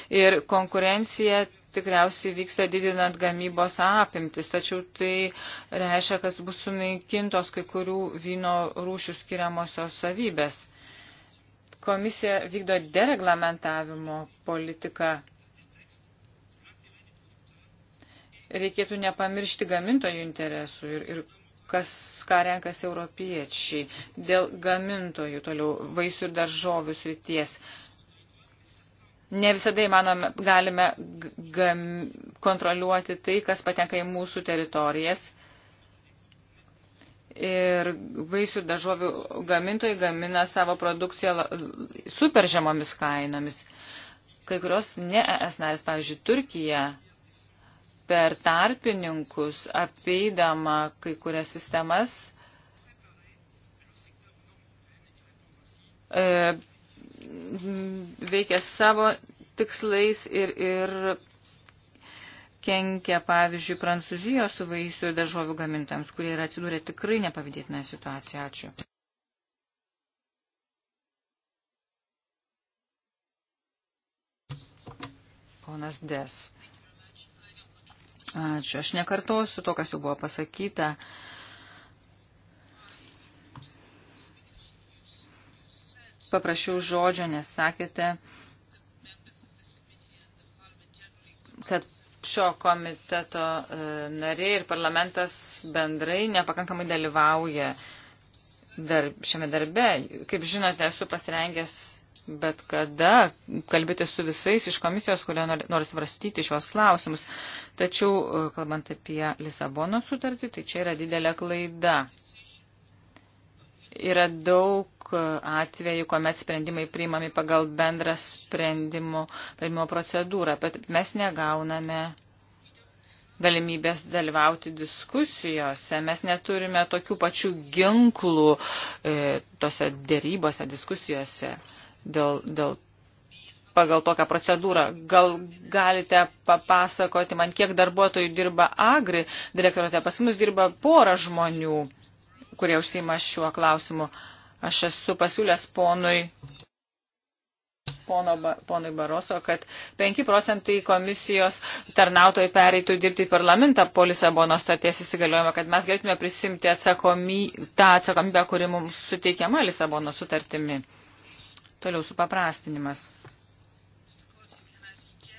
Ir konkurencija tikriausiai vyksta didinant gamybos apimtis, tačiau tai reiškia, kad bus sunaikintos kai kurių vyno rūšių skiriamosios savybės. Komisija vykdo dereglamentavimo politiką reikėtų nepamiršti gamintojų interesų ir, ir kas, ką renkasi europiečiai dėl gamintojų toliau vaisių ir daržovių srities. Ne visada įmanome, galime gam, kontroliuoti tai, kas patenka į mūsų teritorijas. Ir vaisių dažovių gamintojai gamina savo produkciją super žemomis kainomis. Kai kurios ne ES narės, pavyzdžiui, Turkija, per tarpininkus, apeidama kai kurias sistemas, e, veikia savo tikslais ir, ir kenkia, pavyzdžiui, Prancūzijos vaisių ir daržovių gamintams, kurie yra atsidūrę tikrai nepavydėtiną situaciją. Ačiū. Ponas Des. Ačiū. Aš nekartosiu to, kas jau buvo pasakyta. Paprašiau žodžio, nes sakėte, kad šio komiteto e, nariai ir parlamentas bendrai nepakankamai dalyvauja dar, šiame darbe. Kaip žinote, esu pasirengęs bet kada kalbėti su visais iš komisijos, kurie nori svarstyti šios klausimus. Tačiau, e, kalbant apie Lisabono sutartį, tai čia yra didelė klaida. Yra daug e, atvejų, kuomet sprendimai priimami pagal bendrą sprendimo, sprendimo procedūrą, bet mes negauname galimybės dalyvauti diskusijose. Mes neturime tokių pačių ginklų e, tose dėrybose, diskusijose dėl, dėl pagal tokią procedūrą. Gal galite papasakoti man, kiek darbuotojų dirba Agri direktorate? Pas mus dirba pora žmonių, kurie užsima šiuo klausimu. Aš esu pasiūlęs ponui, pono, ponui Baroso, kad 5 procentai komisijos tarnautojai pereitų dirbti į parlamentą po Lisabono staties įsigaliojimo, kad mes galėtume prisimti atsakomy, tą atsakomybę, kuri mums suteikiama Lisabono sutartimi. Toliau supaprastinimas.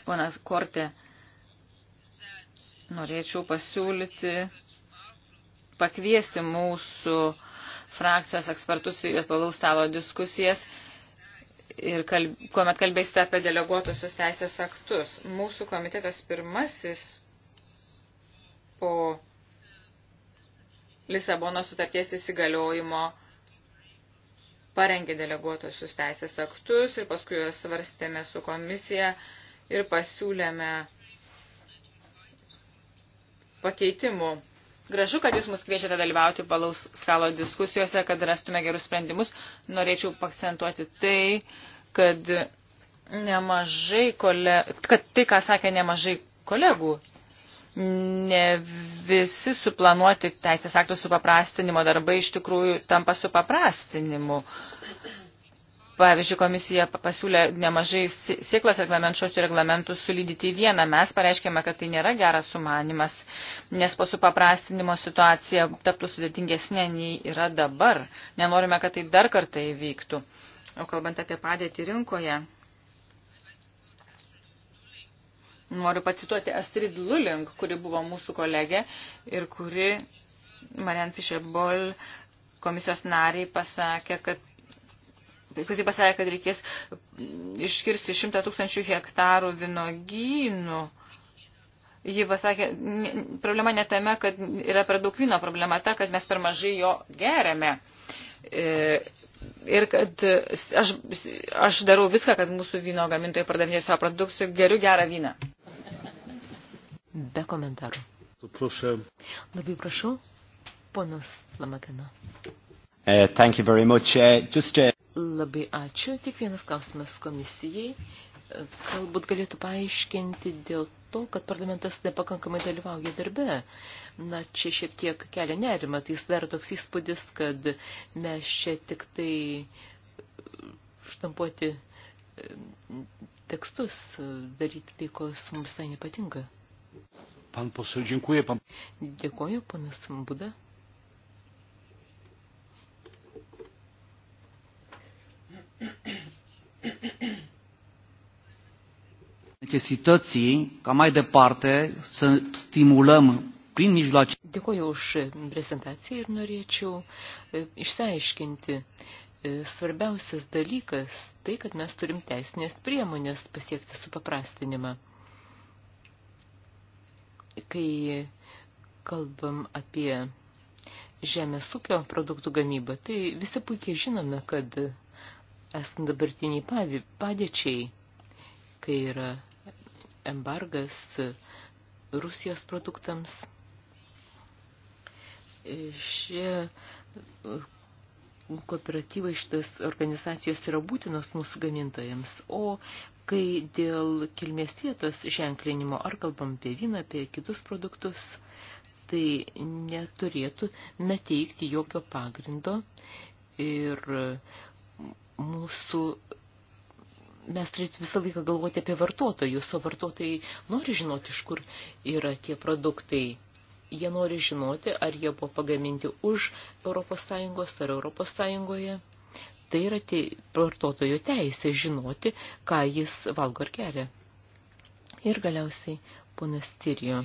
Ponas Kortė, norėčiau pasiūlyti pakviesti mūsų frakcijos ekspertus į apvalaus stalo diskusijas ir kalb, kuomet kalbėsite apie deleguotusius teisės aktus. Mūsų komitetas pirmasis po Lisabono sutarties įsigaliojimo parengė deleguotusius teisės aktus ir paskui juos svarstėme su komisija ir pasiūlėme pakeitimų. Gražu, kad jūs mus kviečiate dalyvauti palaus skalo diskusijose, kad rastume gerus sprendimus. Norėčiau pakcentuoti tai, kad nemažai kole... kad tai, ką sakė nemažai kolegų ne visi suplanuoti teisės aktų supaprastinimo darbai iš tikrųjų tampa supaprastinimu. Pavyzdžiui, komisija pasiūlė nemažai sėklas reglamentuotų reglamentų sulydyti į vieną. Mes pareiškėme, kad tai nėra geras sumanimas, nes po supaprastinimo situacija taptų sudėtingesnė nei yra dabar. Nenorime, kad tai dar kartą įvyktų. O kalbant apie padėtį rinkoje, Noriu pacituoti Astrid Luling, kuri buvo mūsų kolegė ir kuri Marian Fischer-Boll komisijos nariai pasakė, kad Jis pasakė, kad reikės iškirsti 100 tūkstančių hektarų vinogynų. Ji pasakė, problema ne tame, kad yra per daug vyno, problema ta, kad mes per mažai jo geriame. E, ir kad aš, aš darau viską, kad mūsų vyno gamintojai pardavinėjo savo produkciją, geriu gerą vyną be komentarų. Prašau. Labai prašau, ponas Lamakina. Uh, thank you very much. Uh, just, uh... Labai ačiū. Tik vienas klausimas komisijai. Galbūt galėtų paaiškinti dėl to, kad parlamentas nepakankamai dalyvauja darbe. Na, čia šiek tiek kelia nerima. Tai sudaro toks įspūdis, kad mes čia tik tai uh, štampuoti uh, tekstus uh, daryti tai, ko mums tai nepatinka. Pan posel, dziękuję pan. Dėkoju, panas Buda. necesității ca mai departe să stimulăm prin mijloace. Dėkoju už e, prezentaciją ir norėčiau e, išsiaiškinti e, svarbiausias dalykas tai, kad mes turim teisinės priemonės pasiekti supaprastinimą kai kalbam apie žemės ūkio produktų gamybą, tai visi puikiai žinome, kad esant dabartiniai padėčiai, kai yra embargas Rusijos produktams, šie kooperatyvai šitas organizacijos yra būtinos mūsų gamintojams, o kai dėl kilmės vietos ženklinimo, ar kalbam apie vyną, apie kitus produktus, tai neturėtų neteikti jokio pagrindo ir mūsų mes turėtume visą laiką galvoti apie vartotojus, o vartotojai nori žinoti, iš kur yra tie produktai jie nori žinoti, ar jie buvo pagaminti už ES ar ES. Tai yra te, vartotojo teisė žinoti, ką jis valgo ar geria. Ir galiausiai ponas Tirijo.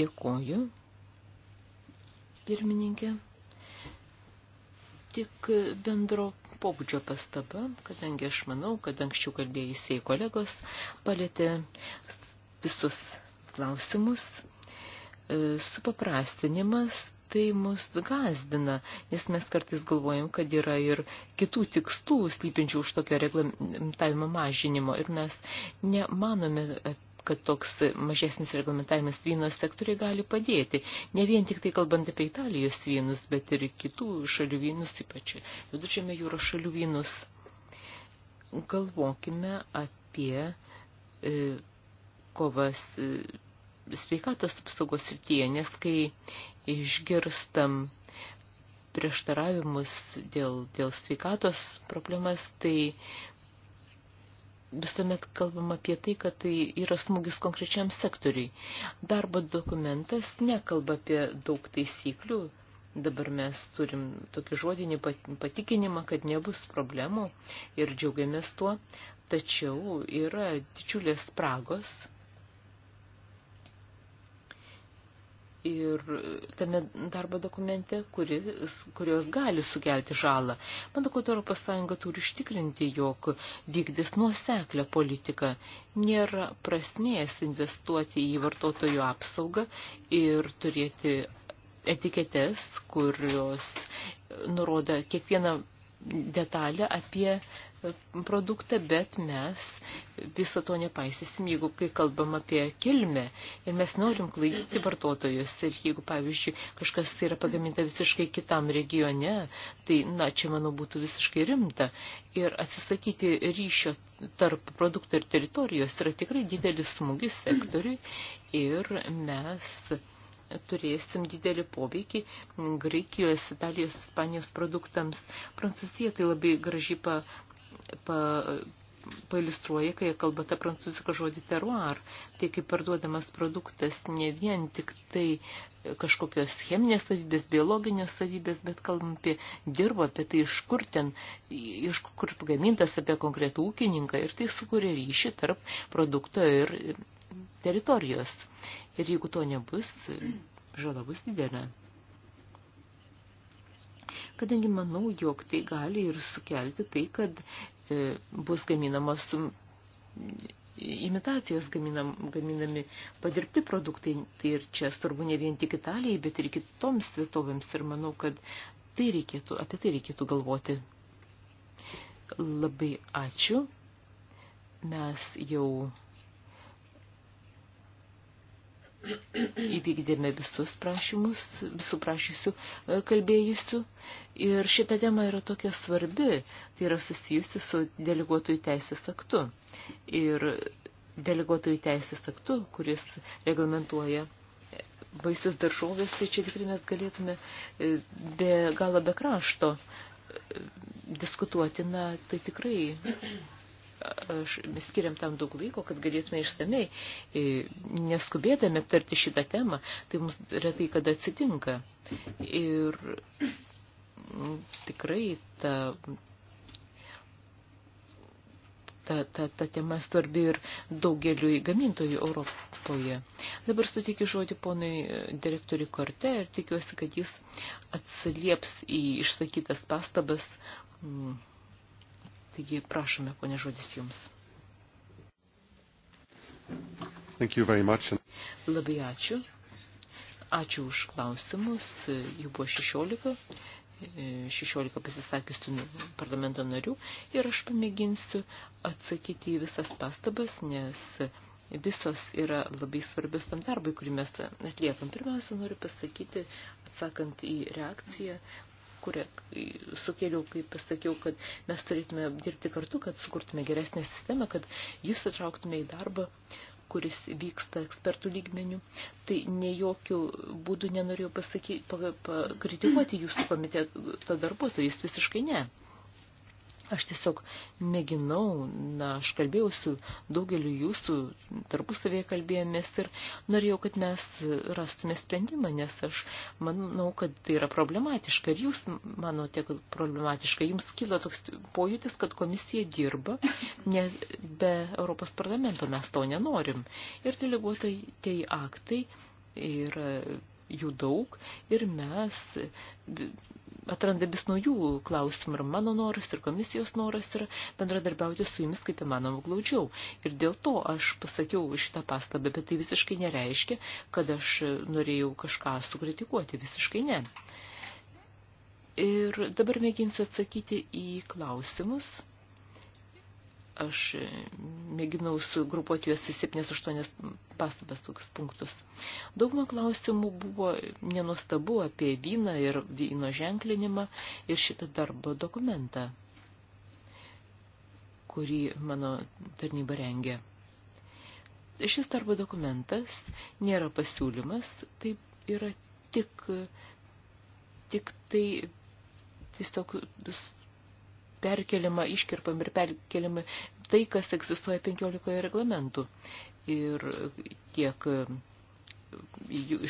Dėkoju, pirmininkė. Tik bendro pobūdžio pastaba, kadangi aš manau, kad anksčiau kalbėjusiai kolegos palėtė visus klausimus. E, supaprastinimas tai mus gazdina, nes mes kartais galvojam, kad yra ir kitų tikslų slypinčių už tokio reglamentavimo mažinimo ir mes nemanome kad toks mažesnis reglamentavimas vyno sektoriai gali padėti. Ne vien tik tai kalbant apie Italijos vynus, bet ir kitų šalių vynus, ypač vidučiame jūros šalių vynus. Galvokime apie e, kovas e, sveikatos apsaugos srityje, nes kai išgirstam prieštaravimus dėl, dėl sveikatos problemas, tai visuomet kalbam apie tai, kad tai yra smūgis konkrečiam sektoriui. Darbo dokumentas nekalba apie daug taisyklių. Dabar mes turim tokį žodinį patikinimą, kad nebus problemų ir džiaugiamės tuo, tačiau yra didžiulės spragos ir tame darbo dokumente, kuris, kurios gali sukelti žalą. Manau, kad Europos Sąjunga turi užtikrinti, jog vykdys nuoseklę politiką. Nėra prasmės investuoti į vartotojų apsaugą ir turėti etiketes, kurios nurodo kiekvieną detalę apie e, produktą, bet mes viso to nepaisysim, jeigu kai kalbam apie kilmę ir mes norim klaidyti vartotojus. Ir jeigu, pavyzdžiui, kažkas yra pagaminta visiškai kitam regione, tai, na, čia, manau, būtų visiškai rimta. Ir atsisakyti ryšio tarp produkto ir teritorijos yra tikrai didelis smūgis sektoriui ir mes turėsim didelį poveikį Graikijos, Italijos, Ispanijos produktams. Prancūzija tai labai gražiai pa, pa, pailistruoja, kai kalba tą prancūzišką žodį teruar, tai kaip parduodamas produktas ne vien tik tai kažkokios cheminės savybės, biologinės savybės, bet kalbam apie dirbą, apie tai iš kur ten, iš kur pagamintas apie konkretų ūkininką ir tai sukuria ryšį tarp produkto ir teritorijos. Ir jeigu to nebus, žala bus didelė. Kadangi manau, jog tai gali ir sukelti tai, kad e, bus gaminamas imitacijos gaminam, gaminami padirbti produktai. Tai ir čia svarbu ne vien tik Italijai, bet ir kitoms vietovėms. Ir manau, kad tai reikėtų, apie tai reikėtų galvoti. Labai ačiū. Mes jau įvykdėme visus prašymus, visų prašysių e, kalbėjusių. Ir šita tema yra tokia svarbi, tai yra susijusi su deleguotojų teisės aktu. Ir deleguotojų teisės aktu, kuris reglamentuoja vaisius daržovės, tai čia tikrai mes galėtume e, be galo be krašto e, diskutuoti, na, tai tikrai aš, mes skiriam tam daug laiko, kad galėtume išsamei, e, neskubėdami aptarti šitą temą, tai mums retai kada atsitinka. Ir tikrai ta, ta, ta, ta tema svarbi ir daugeliu gamintojų Europoje. Dabar suteikiu žodį ponui e, direktoriui Korte ir tikiuosi, kad jis atsilieps į išsakytas pastabas. Mm Taigi prašome, ponė žodis jums. Thank you very much. Labai ačiū. Ačiū už klausimus. Jų buvo 16. 16 e, pasisakiusių parlamento narių ir aš pamėginsiu atsakyti į visas pastabas, nes visos yra labai svarbios tam darbui, kurį mes atliekam. Pirmiausia, noriu pasakyti, atsakant į reakciją, kurią sukėliau, kaip pasakiau, kad mes turėtume dirbti kartu, kad sukurtume geresnę sistemą, kad jūs atrauktume į darbą, kuris vyksta ekspertų lygmenių. Tai ne jokių būdų nenorėjau pasakyti, pakritikuoti jūsų komiteto darbuotojų, jis visiškai ne. Aš tiesiog mėginau, na, aš kalbėjau su daugeliu jūsų, tarpusavėje kalbėjomės ir norėjau, kad mes rastume sprendimą, nes aš manau, kad tai yra problematiška ir jūs manote, kad problematiška. Jums kilo toks pojūtis, kad komisija dirba, nes be Europos parlamento mes to nenorim. Ir deleguotai tai aktai ir jų daug ir mes atranda vis naujų klausimų ir mano noras, ir komisijos noras yra bendradarbiauti su jumis kaip įmanoma glaudžiau. Ir dėl to aš pasakiau šitą pastabą, bet tai visiškai nereiškia, kad aš norėjau kažką sukritikuoti, visiškai ne. Ir dabar mėginsiu atsakyti į klausimus Aš mėginau sugrupuoti juos į 7-8 pastabas tokius punktus. Daugumą klausimų buvo nenuostabu apie vyną ir vyno ženklinimą ir šitą darbo dokumentą, kurį mano tarnyba rengė. Šis darbo dokumentas nėra pasiūlymas, tai yra tik, tik tai tiesiog perkeliama, iškirpam ir perkeliama tai, kas egzistuoja 15 reglamentų. Ir tiek e,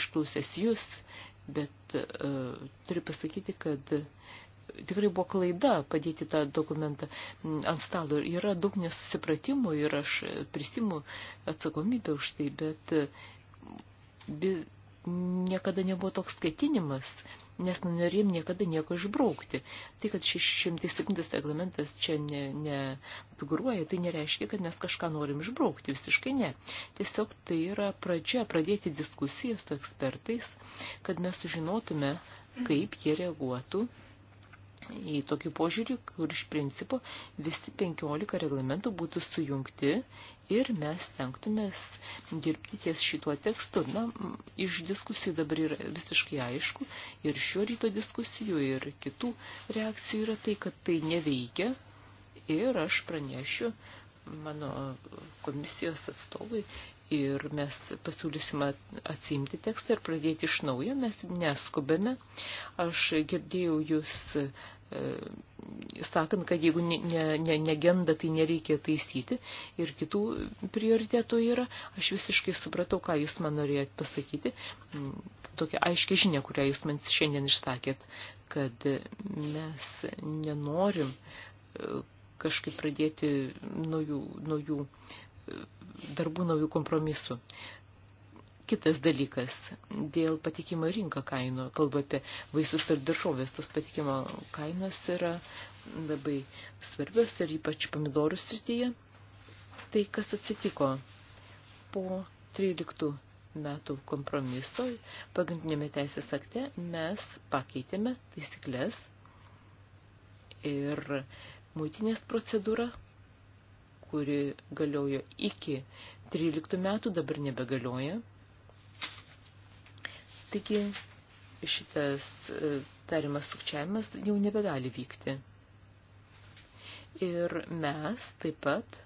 išklausęs jūs, bet uh, turiu pasakyti, kad tikrai buvo klaida padėti tą dokumentą ant stalo. Yra daug nesusipratimų ir aš prisimu atsakomybę už tai, bet e, niekada nebuvo toks skaitinimas, nes nu, nenorėjom niekada nieko išbraukti. Tai, kad 607 reglamentas čia nefiguruoja, ne, ne tai nereiškia, kad mes kažką norim išbraukti, visiškai ne. Tiesiog tai yra pradžia pradėti diskusiją su ekspertais, kad mes sužinotume, kaip jie reaguotų į tokį požiūrį, kur iš principo visi 15 reglamentų būtų sujungti ir mes tenktumės dirbti ties šituo tekstu. Na, iš diskusijų dabar yra visiškai aišku ir šio ryto diskusijų ir kitų reakcijų yra tai, kad tai neveikia ir aš pranešiu mano komisijos atstovui ir mes pasiūlysime atsiimti tekstą ir pradėti iš naujo, mes neskubame. Aš girdėjau jūs e, sakant, kad jeigu ne, ne, negenda, tai nereikia taisyti ir kitų prioritetų yra. Aš visiškai supratau, ką jūs man norėjot pasakyti. Mm, tokia aiškia žinia, kurią jūs man šiandien išsakėt, kad mes nenorim e, kažkaip pradėti naujų, naujų e, darbų naujų kompromisų. Kitas dalykas, dėl patikimo rinką kainų, kalba apie vaisius ir daržovės, tos patikimo kainos yra labai svarbios ir ypač pomidorų srityje. Tai kas atsitiko po 13 metų kompromiso pagrindinėme teisės akte mes pakeitėme taisyklės ir muitinės procedūrą kuri galiojo iki 13 metų, dabar nebegalioja. Taigi šitas e, tariamas sukčiavimas jau nebegali vykti. Ir mes taip pat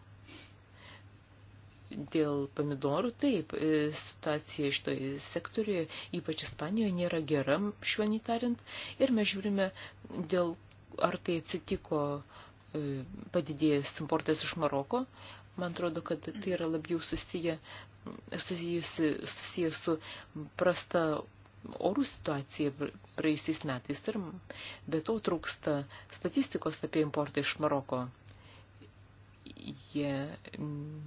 dėl pomidorų, taip, e, situacija šitoje sektoriuje, ypač Ispanijoje, nėra gera, švelniai tariant, ir mes žiūrime dėl, ar tai atsitiko uh, padidėjęs importas iš Maroko. Man atrodo, kad tai yra labiau susiję, susijusi, susiję su prasta orų situacija praeisiais metais ir be to trūksta statistikos apie importą iš Maroko. Jie, mm,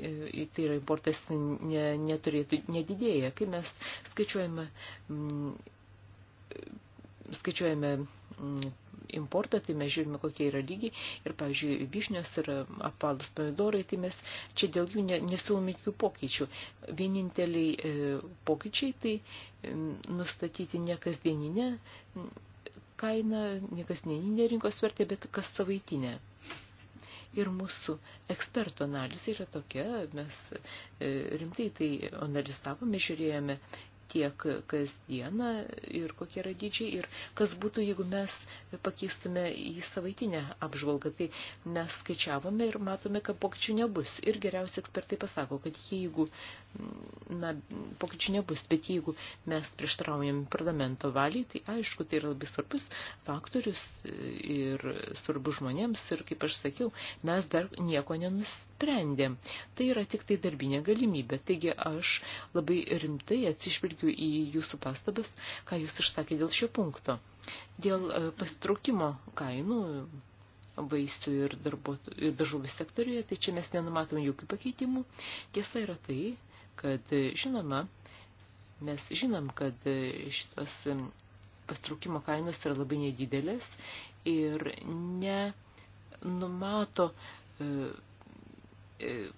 tai yra importas ne, neturėtų, nedidėja. Kai mes skaičiuojame mm, skaičiuojame mm, importą, tai mes žiūrime, kokie yra lygiai. Ir, pavyzdžiui, vyšnios ir apvalus pomidorai, tai mes čia dėl jų nesiūlome jokių pokyčių. Vieninteliai e, pokyčiai tai nustatyti ne kasdieninę kainą, ne kasdieninę rinkos vertę, bet kas savaitinę. Ir mūsų ekspertų analizė yra tokia, mes e, rimtai tai analizavome, žiūrėjome tiek kasdieną ir kokie yra dydžiai ir kas būtų, jeigu mes pakeistume į savaitinę apžvalgą. Tai mes skaičiavome ir matome, kad pokyčių nebus. Ir geriausi ekspertai pasako, kad jeigu na, pokyčių nebus, bet jeigu mes prieštraujame parlamento valiai, tai aišku, tai yra labai svarbus faktorius ir svarbus žmonėms ir, kaip aš sakiau, mes dar nieko nenusprendėm. Tai yra tik tai darbinė galimybė. Taigi aš labai rimtai atsižvelgiu atsižvelgiu į jūsų pastabas, ką jūs išsakė dėl šio punkto. Dėl e, pasitraukimo kainų vaisių ir, ir daržovių sektoriuje, tai čia mes nenumatom jokių pakeitimų. Tiesa yra tai, kad e, žinoma, mes žinom, kad e, šitos pastraukimo kainos yra labai nedidelės ir nenumato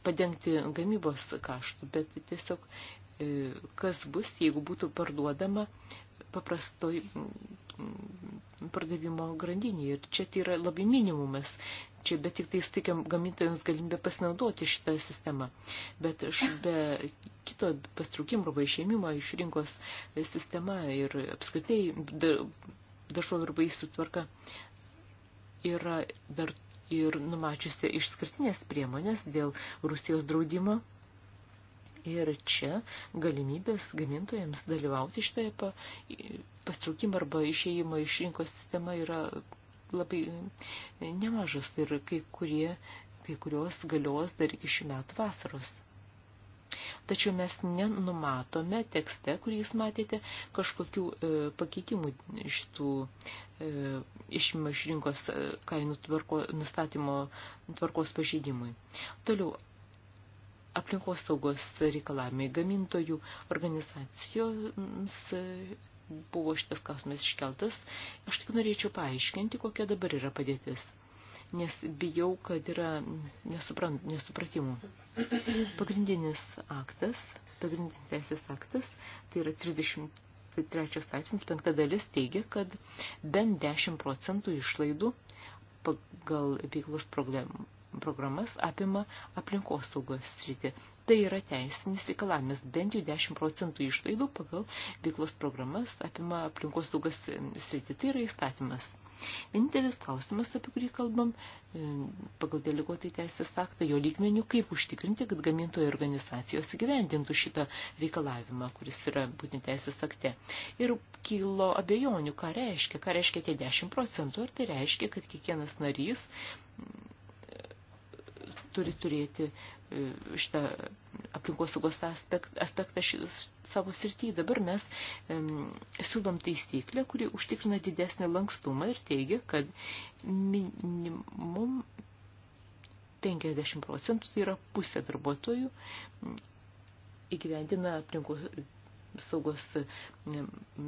padengti gamybos kaštų, bet tiesiog E, kas bus, jeigu būtų parduodama paprastoj pardavimo grandinėje. Ir čia tai yra labai minimumas. Čia bet tik tai stikiam gamintojams galimybę pasinaudoti šitą sistemą. Bet aš be kito pastraukimo arba išėmimo iš rinkos sistema ir apskritai dažovių ir vaisių tvarka yra dar ir numačiusi išskirtinės priemonės dėl Rusijos draudimo Ir čia galimybės gamintojams dalyvauti šitoje pa, pastraukimo arba išėjimo iš rinkos sistema yra labai nemažas ir kai, kurie, kai kurios galios dar iki šių metų vasaros. Tačiau mes nenumatome tekste, kurį jūs matėte, kažkokių e, pakeitimų šitų e, išimimo iš rinkos e, kainų tvarko, nustatymo tvarkos pažeidimui. Toliau, aplinkos saugos reikalavimai gamintojų organizacijoms e, buvo šitas klausimas iškeltas. Aš tik norėčiau paaiškinti, kokia dabar yra padėtis, nes bijau, kad yra nesuprant, nesupratimų. Pagrindinis aktas, pagrindinis teisės aktas, tai yra 33 straipsnis, penkta dalis teigia, kad bent 10 procentų išlaidų pagal veiklos problemų programas apima aplinkos saugos sritį. Tai yra teisinis reikalavimas, bent jau 10 procentų išlaidų pagal veiklos programas apima aplinkos saugos sritį. Tai yra įstatymas. Vienintelis klausimas, apie kurį kalbam, e, pagal deleguotai teisės aktą, jo lygmenių, kaip užtikrinti, kad gamintojų organizacijos įgyvendintų šitą reikalavimą, kuris yra būtent teisės akte. Ir kilo abejonių, ką reiškia, ką reiškia tie 10 procentų, ar tai reiškia, kad kiekvienas narys turi turėti e, šitą aplinkosaugos aspekt, aspektą šis, savo srityje. Dabar mes em, siūlom taisyklę, kuri užtikrina didesnį lankstumą ir teigia, kad minimum 50 procentų, tai yra pusė darbuotojų, įgyvendina aplinkos saugos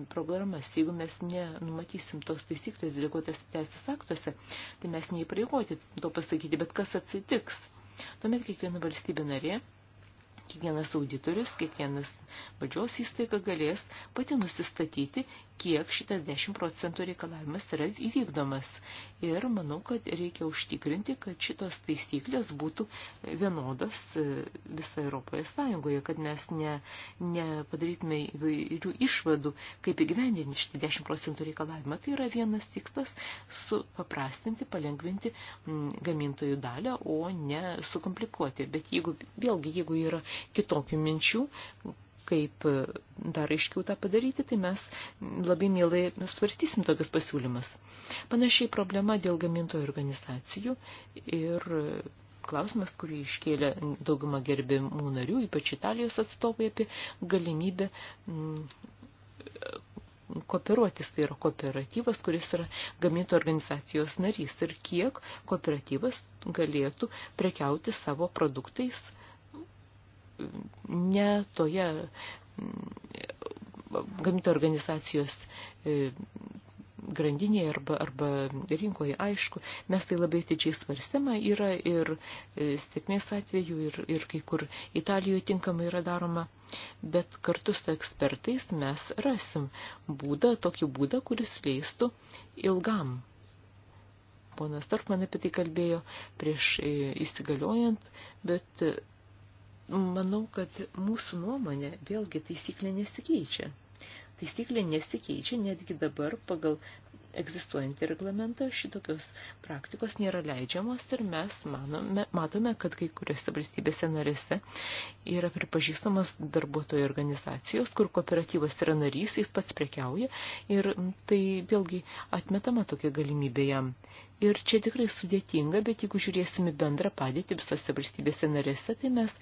problemas, jeigu mes nenumatysim tos taisyklės dėlikotas teisės aktuose, tai mes neįpareigoti to pasakyti, bet kas atsitiks. Tuomet kiekviena valstybė narė, kiekvienas auditorius, kiekvienas valdžios įstaiga galės pati nusistatyti, kiek šitas 10 procentų reikalavimas yra įvykdomas. Ir manau, kad reikia užtikrinti, kad šitos taisyklės būtų vienodas e, visą Europoje sąjungoje, kad mes ne, nepadarytume įvairių išvadų, kaip įgyvendinti šitą 10 procentų reikalavimą. Tai yra vienas tikslas supaprastinti, palengvinti gamintojų dalę, o ne sukomplikuoti. Bet jeigu, vėlgi, jeigu yra kitokių minčių, kaip e, dar aiškiau tą padaryti, tai mes labai mielai svarstysim tokius pasiūlymus. Panašiai problema dėl gamintojų organizacijų ir e, klausimas, kurį iškėlė dauguma gerbimų narių, ypač Italijos atstovai apie galimybę kooperuotis, tai yra kooperatyvas, kuris yra gamintojų organizacijos narys ir kiek kooperatyvas galėtų prekiauti savo produktais ne toje mm, gaminto organizacijos e, grandinėje arba, arba rinkoje, aišku, mes tai labai atidžiai svarstėme, yra ir e, sėkmės atveju, ir, ir kai kur Italijoje tinkamai yra daroma, bet kartu su ekspertais mes rasim būdą, tokį būdą, kuris leistų ilgam. Ponas Tarpman apie tai kalbėjo prieš e, įsigaliojant, bet manau, kad mūsų nuomonė vėlgi taisyklė nesikeičia. Taisyklė nesikeičia netgi dabar pagal egzistuojantį reglamentą šitokios praktikos nėra leidžiamos ir mes manome, matome, kad kai kuriuose valstybėse narėse yra pripažįstamas darbuotojų organizacijos, kur kooperatyvas yra narys, jis pats prekiauja ir tai vėlgi atmetama tokia galimybė jam. Ir čia tikrai sudėtinga, bet jeigu žiūrėsime bendrą padėtį visose valstybėse narėse, tai mes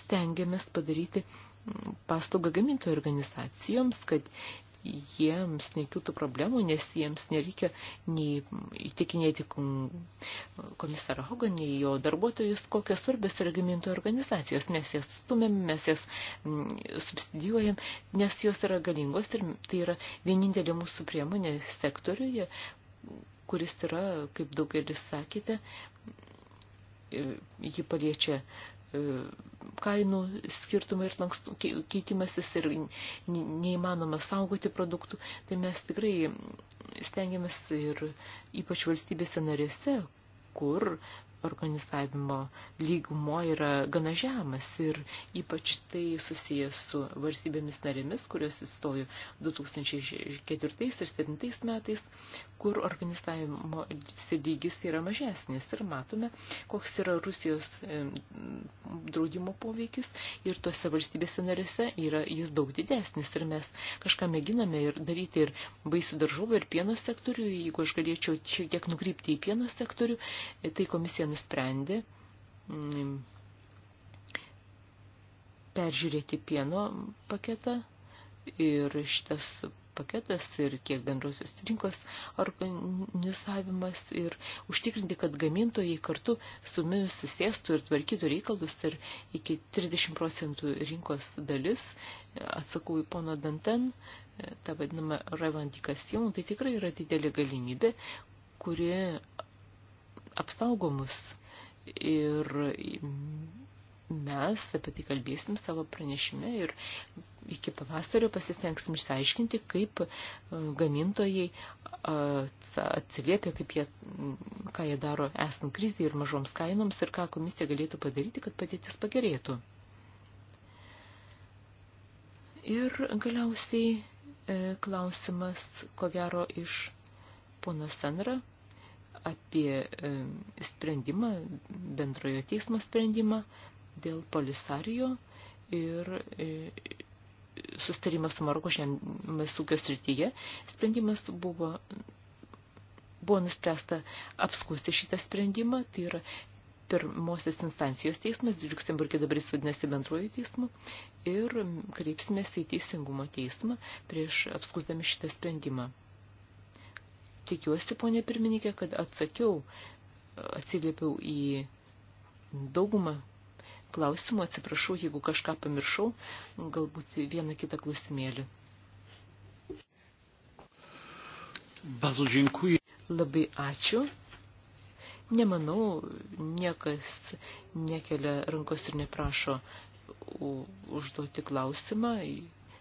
stengiamės padaryti mm, paslaugą gamintojų organizacijoms, kad jiems nekiltų problemų, nes jiems nereikia nei įtikinėti komisarą Hogą, nei jo darbuotojus, kokios svarbios yra gamintojų organizacijos. Mes jas stumėm, mes jas mm, subsidijuojam, nes jos yra galingos ir tai yra vienintelė mūsų priemonė sektoriuje, kuris yra, kaip daugelis sakėte, ji paliečia E, kainų skirtumai ir lankstų, keitimasis ir neįmanoma saugoti produktų, tai mes tikrai stengiamės ir ypač valstybėse narėse, kur organizavimo lygumo yra gana žemas ir ypač tai susijęs su valstybėmis narėmis, kurios įstojo 2004 ir 2007 metais, kur organizavimo lygis yra mažesnis ir matome, koks yra Rusijos draudimo poveikis ir tuose valstybėse narėse yra jis daug didesnis ir mes kažką mėginame ir daryti ir baisių daržovų ir pieno sektorių, jeigu aš galėčiau šiek tiek nukrypti į pieno sektorių, tai komisija nusprendė mm, peržiūrėti pieno paketą ir šitas paketas ir kiek bendrosios rinkos organizavimas ir užtikrinti, kad gamintojai kartu su mumis susėstų ir tvarkytų reikalus ir iki 30 procentų rinkos dalis, atsakau į pono Danten, e, tą vadinamą revandikas jau, tai tikrai yra didelė galimybė, kuri apsaugomus. Ir mes apie tai kalbėsim savo pranešime ir iki pavasario pasistengsim išsiaiškinti, kaip e, gamintojai atsiliepia, kaip jie, ką jie daro esant krizį ir mažoms kainoms ir ką komisija galėtų padaryti, kad padėtis pagerėtų. Ir galiausiai e, klausimas, ko gero, iš pono Senra apie e, sprendimą, bendrojo teismo sprendimą dėl polisario ir e, sustarimas su Maroko žemės ūkio srityje. Sprendimas buvo, buvo nuspręsta apskusti šitą sprendimą, tai yra pirmosios instancijos teismas, Liuksemburgė dabar jis vadinasi bendruoju teismu, ir kreipsimės į teisingumo teismą prieš apskūsdami šitą sprendimą. Tikiuosi, ponė pirmininkė, kad atsakiau, atsiliepiau į daugumą klausimų, atsiprašau, jeigu kažką pamiršau, galbūt vieną kitą klausimėlį. Labai ačiū. Nemanau, niekas nekelia rankos ir neprašo užduoti klausimą,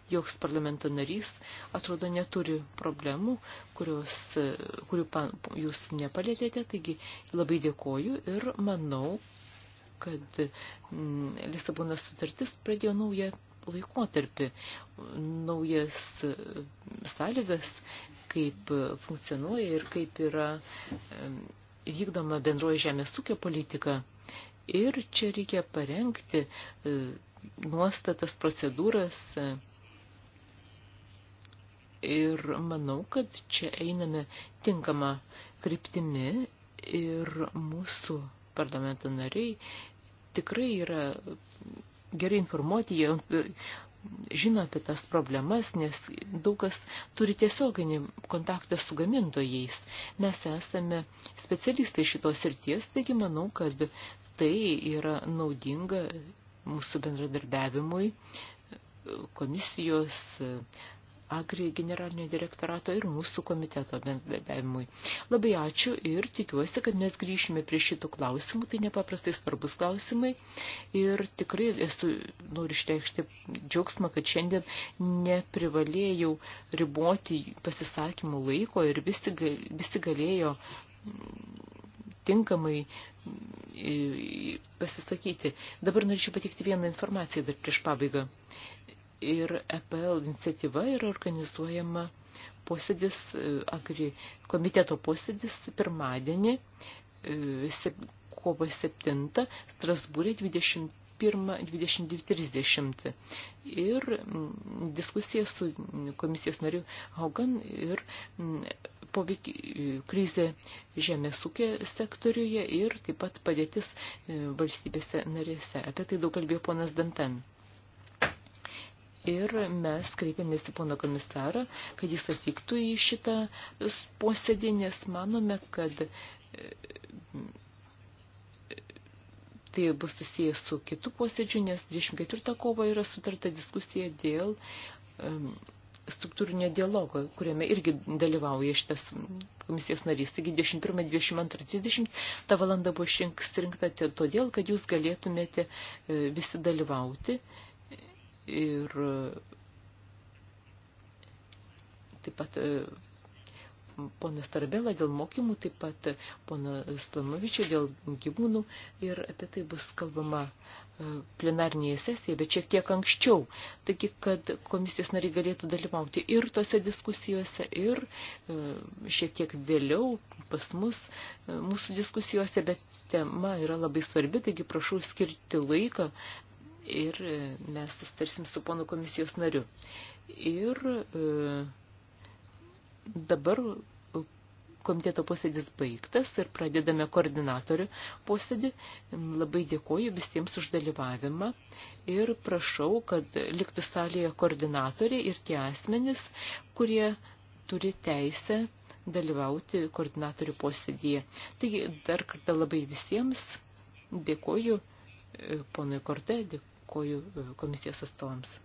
joks parlamento narys, atrodo, neturi problemų, kurios, e, kurių pan, jūs nepalėtėte, taigi labai dėkoju ir manau, kad mm, Lisabonas sutartis pradėjo naują laikotarpį, naujas e, sąlygas, kaip funkcionuoja ir kaip yra e, vykdoma bendroji žemės ūkio politika. Ir čia reikia parengti nuostatas, procedūras, Ir manau, kad čia einame tinkamą kryptimi ir mūsų parlamento nariai tikrai yra gerai informuoti, jie e, žino apie tas problemas, nes daug kas turi tiesioginį kontaktą su gamintojais. Mes esame specialistai šitos srities, taigi manau, kad tai yra naudinga mūsų bendradarbiavimui e, komisijos e, Agri generalinio direktorato ir mūsų komiteto bendradarbiavimui. Labai ačiū ir tikiuosi, kad mes grįšime prie šitų klausimų, tai nepaprastai svarbus klausimai ir tikrai esu, noriu išreikšti džiaugsmą, kad šiandien neprivalėjau riboti pasisakymų laiko ir visi, visi galėjo mm, tinkamai pasisakyti. Dabar norėčiau patikti vieną informaciją dar prieš pabaigą ir EPL iniciatyva yra organizuojama posėdis, e, agri komiteto posėdis pirmadienį, e, kovo 7, Strasbūrė 21.30. Ir mm, diskusija su komisijos nariu Haugan ir mm, poveikį e, krizė žemės ūkė sektoriuje ir taip pat padėtis valstybėse narėse. Apie tai daug kalbėjo ponas Danten ir mes kreipėmės į pono komisarą, kad jis atvyktų į šitą posėdį, nes manome, kad e, tai bus susijęs su kitu posėdžiu, nes 24 kovo yra sutarta diskusija dėl struktūrinio dialogo, kuriame irgi dalyvauja šitas komisijos narys. Taigi 21, 22, 30 ta valanda buvo išrinkta todėl, kad jūs galėtumėte e, visi dalyvauti ir e, taip pat e, ponas Tarbela dėl mokymų, taip pat ponas Planovičio dėl gyvūnų ir apie tai bus kalbama e, plenarnėje sesijoje, bet šiek tiek anksčiau. Taigi, kad komisijos nariai galėtų dalyvauti ir tose diskusijose, ir šiek tiek vėliau pas mus mūsų diskusijose, bet tema yra labai svarbi, taigi prašau skirti laiką ir e, mes sustarsim su ponu komisijos nariu. Ir e, dabar e, komiteto posėdis baigtas ir pradedame koordinatorių posėdį. Labai dėkoju visiems už dalyvavimą ir prašau, kad liktų salėje koordinatoriai ir tie asmenys, kurie turi teisę dalyvauti koordinatorių posėdyje. Taigi dar kartą labai visiems dėkoju e, ponui Korte, dėkoju. Dėkoju e, komisijos atstovams.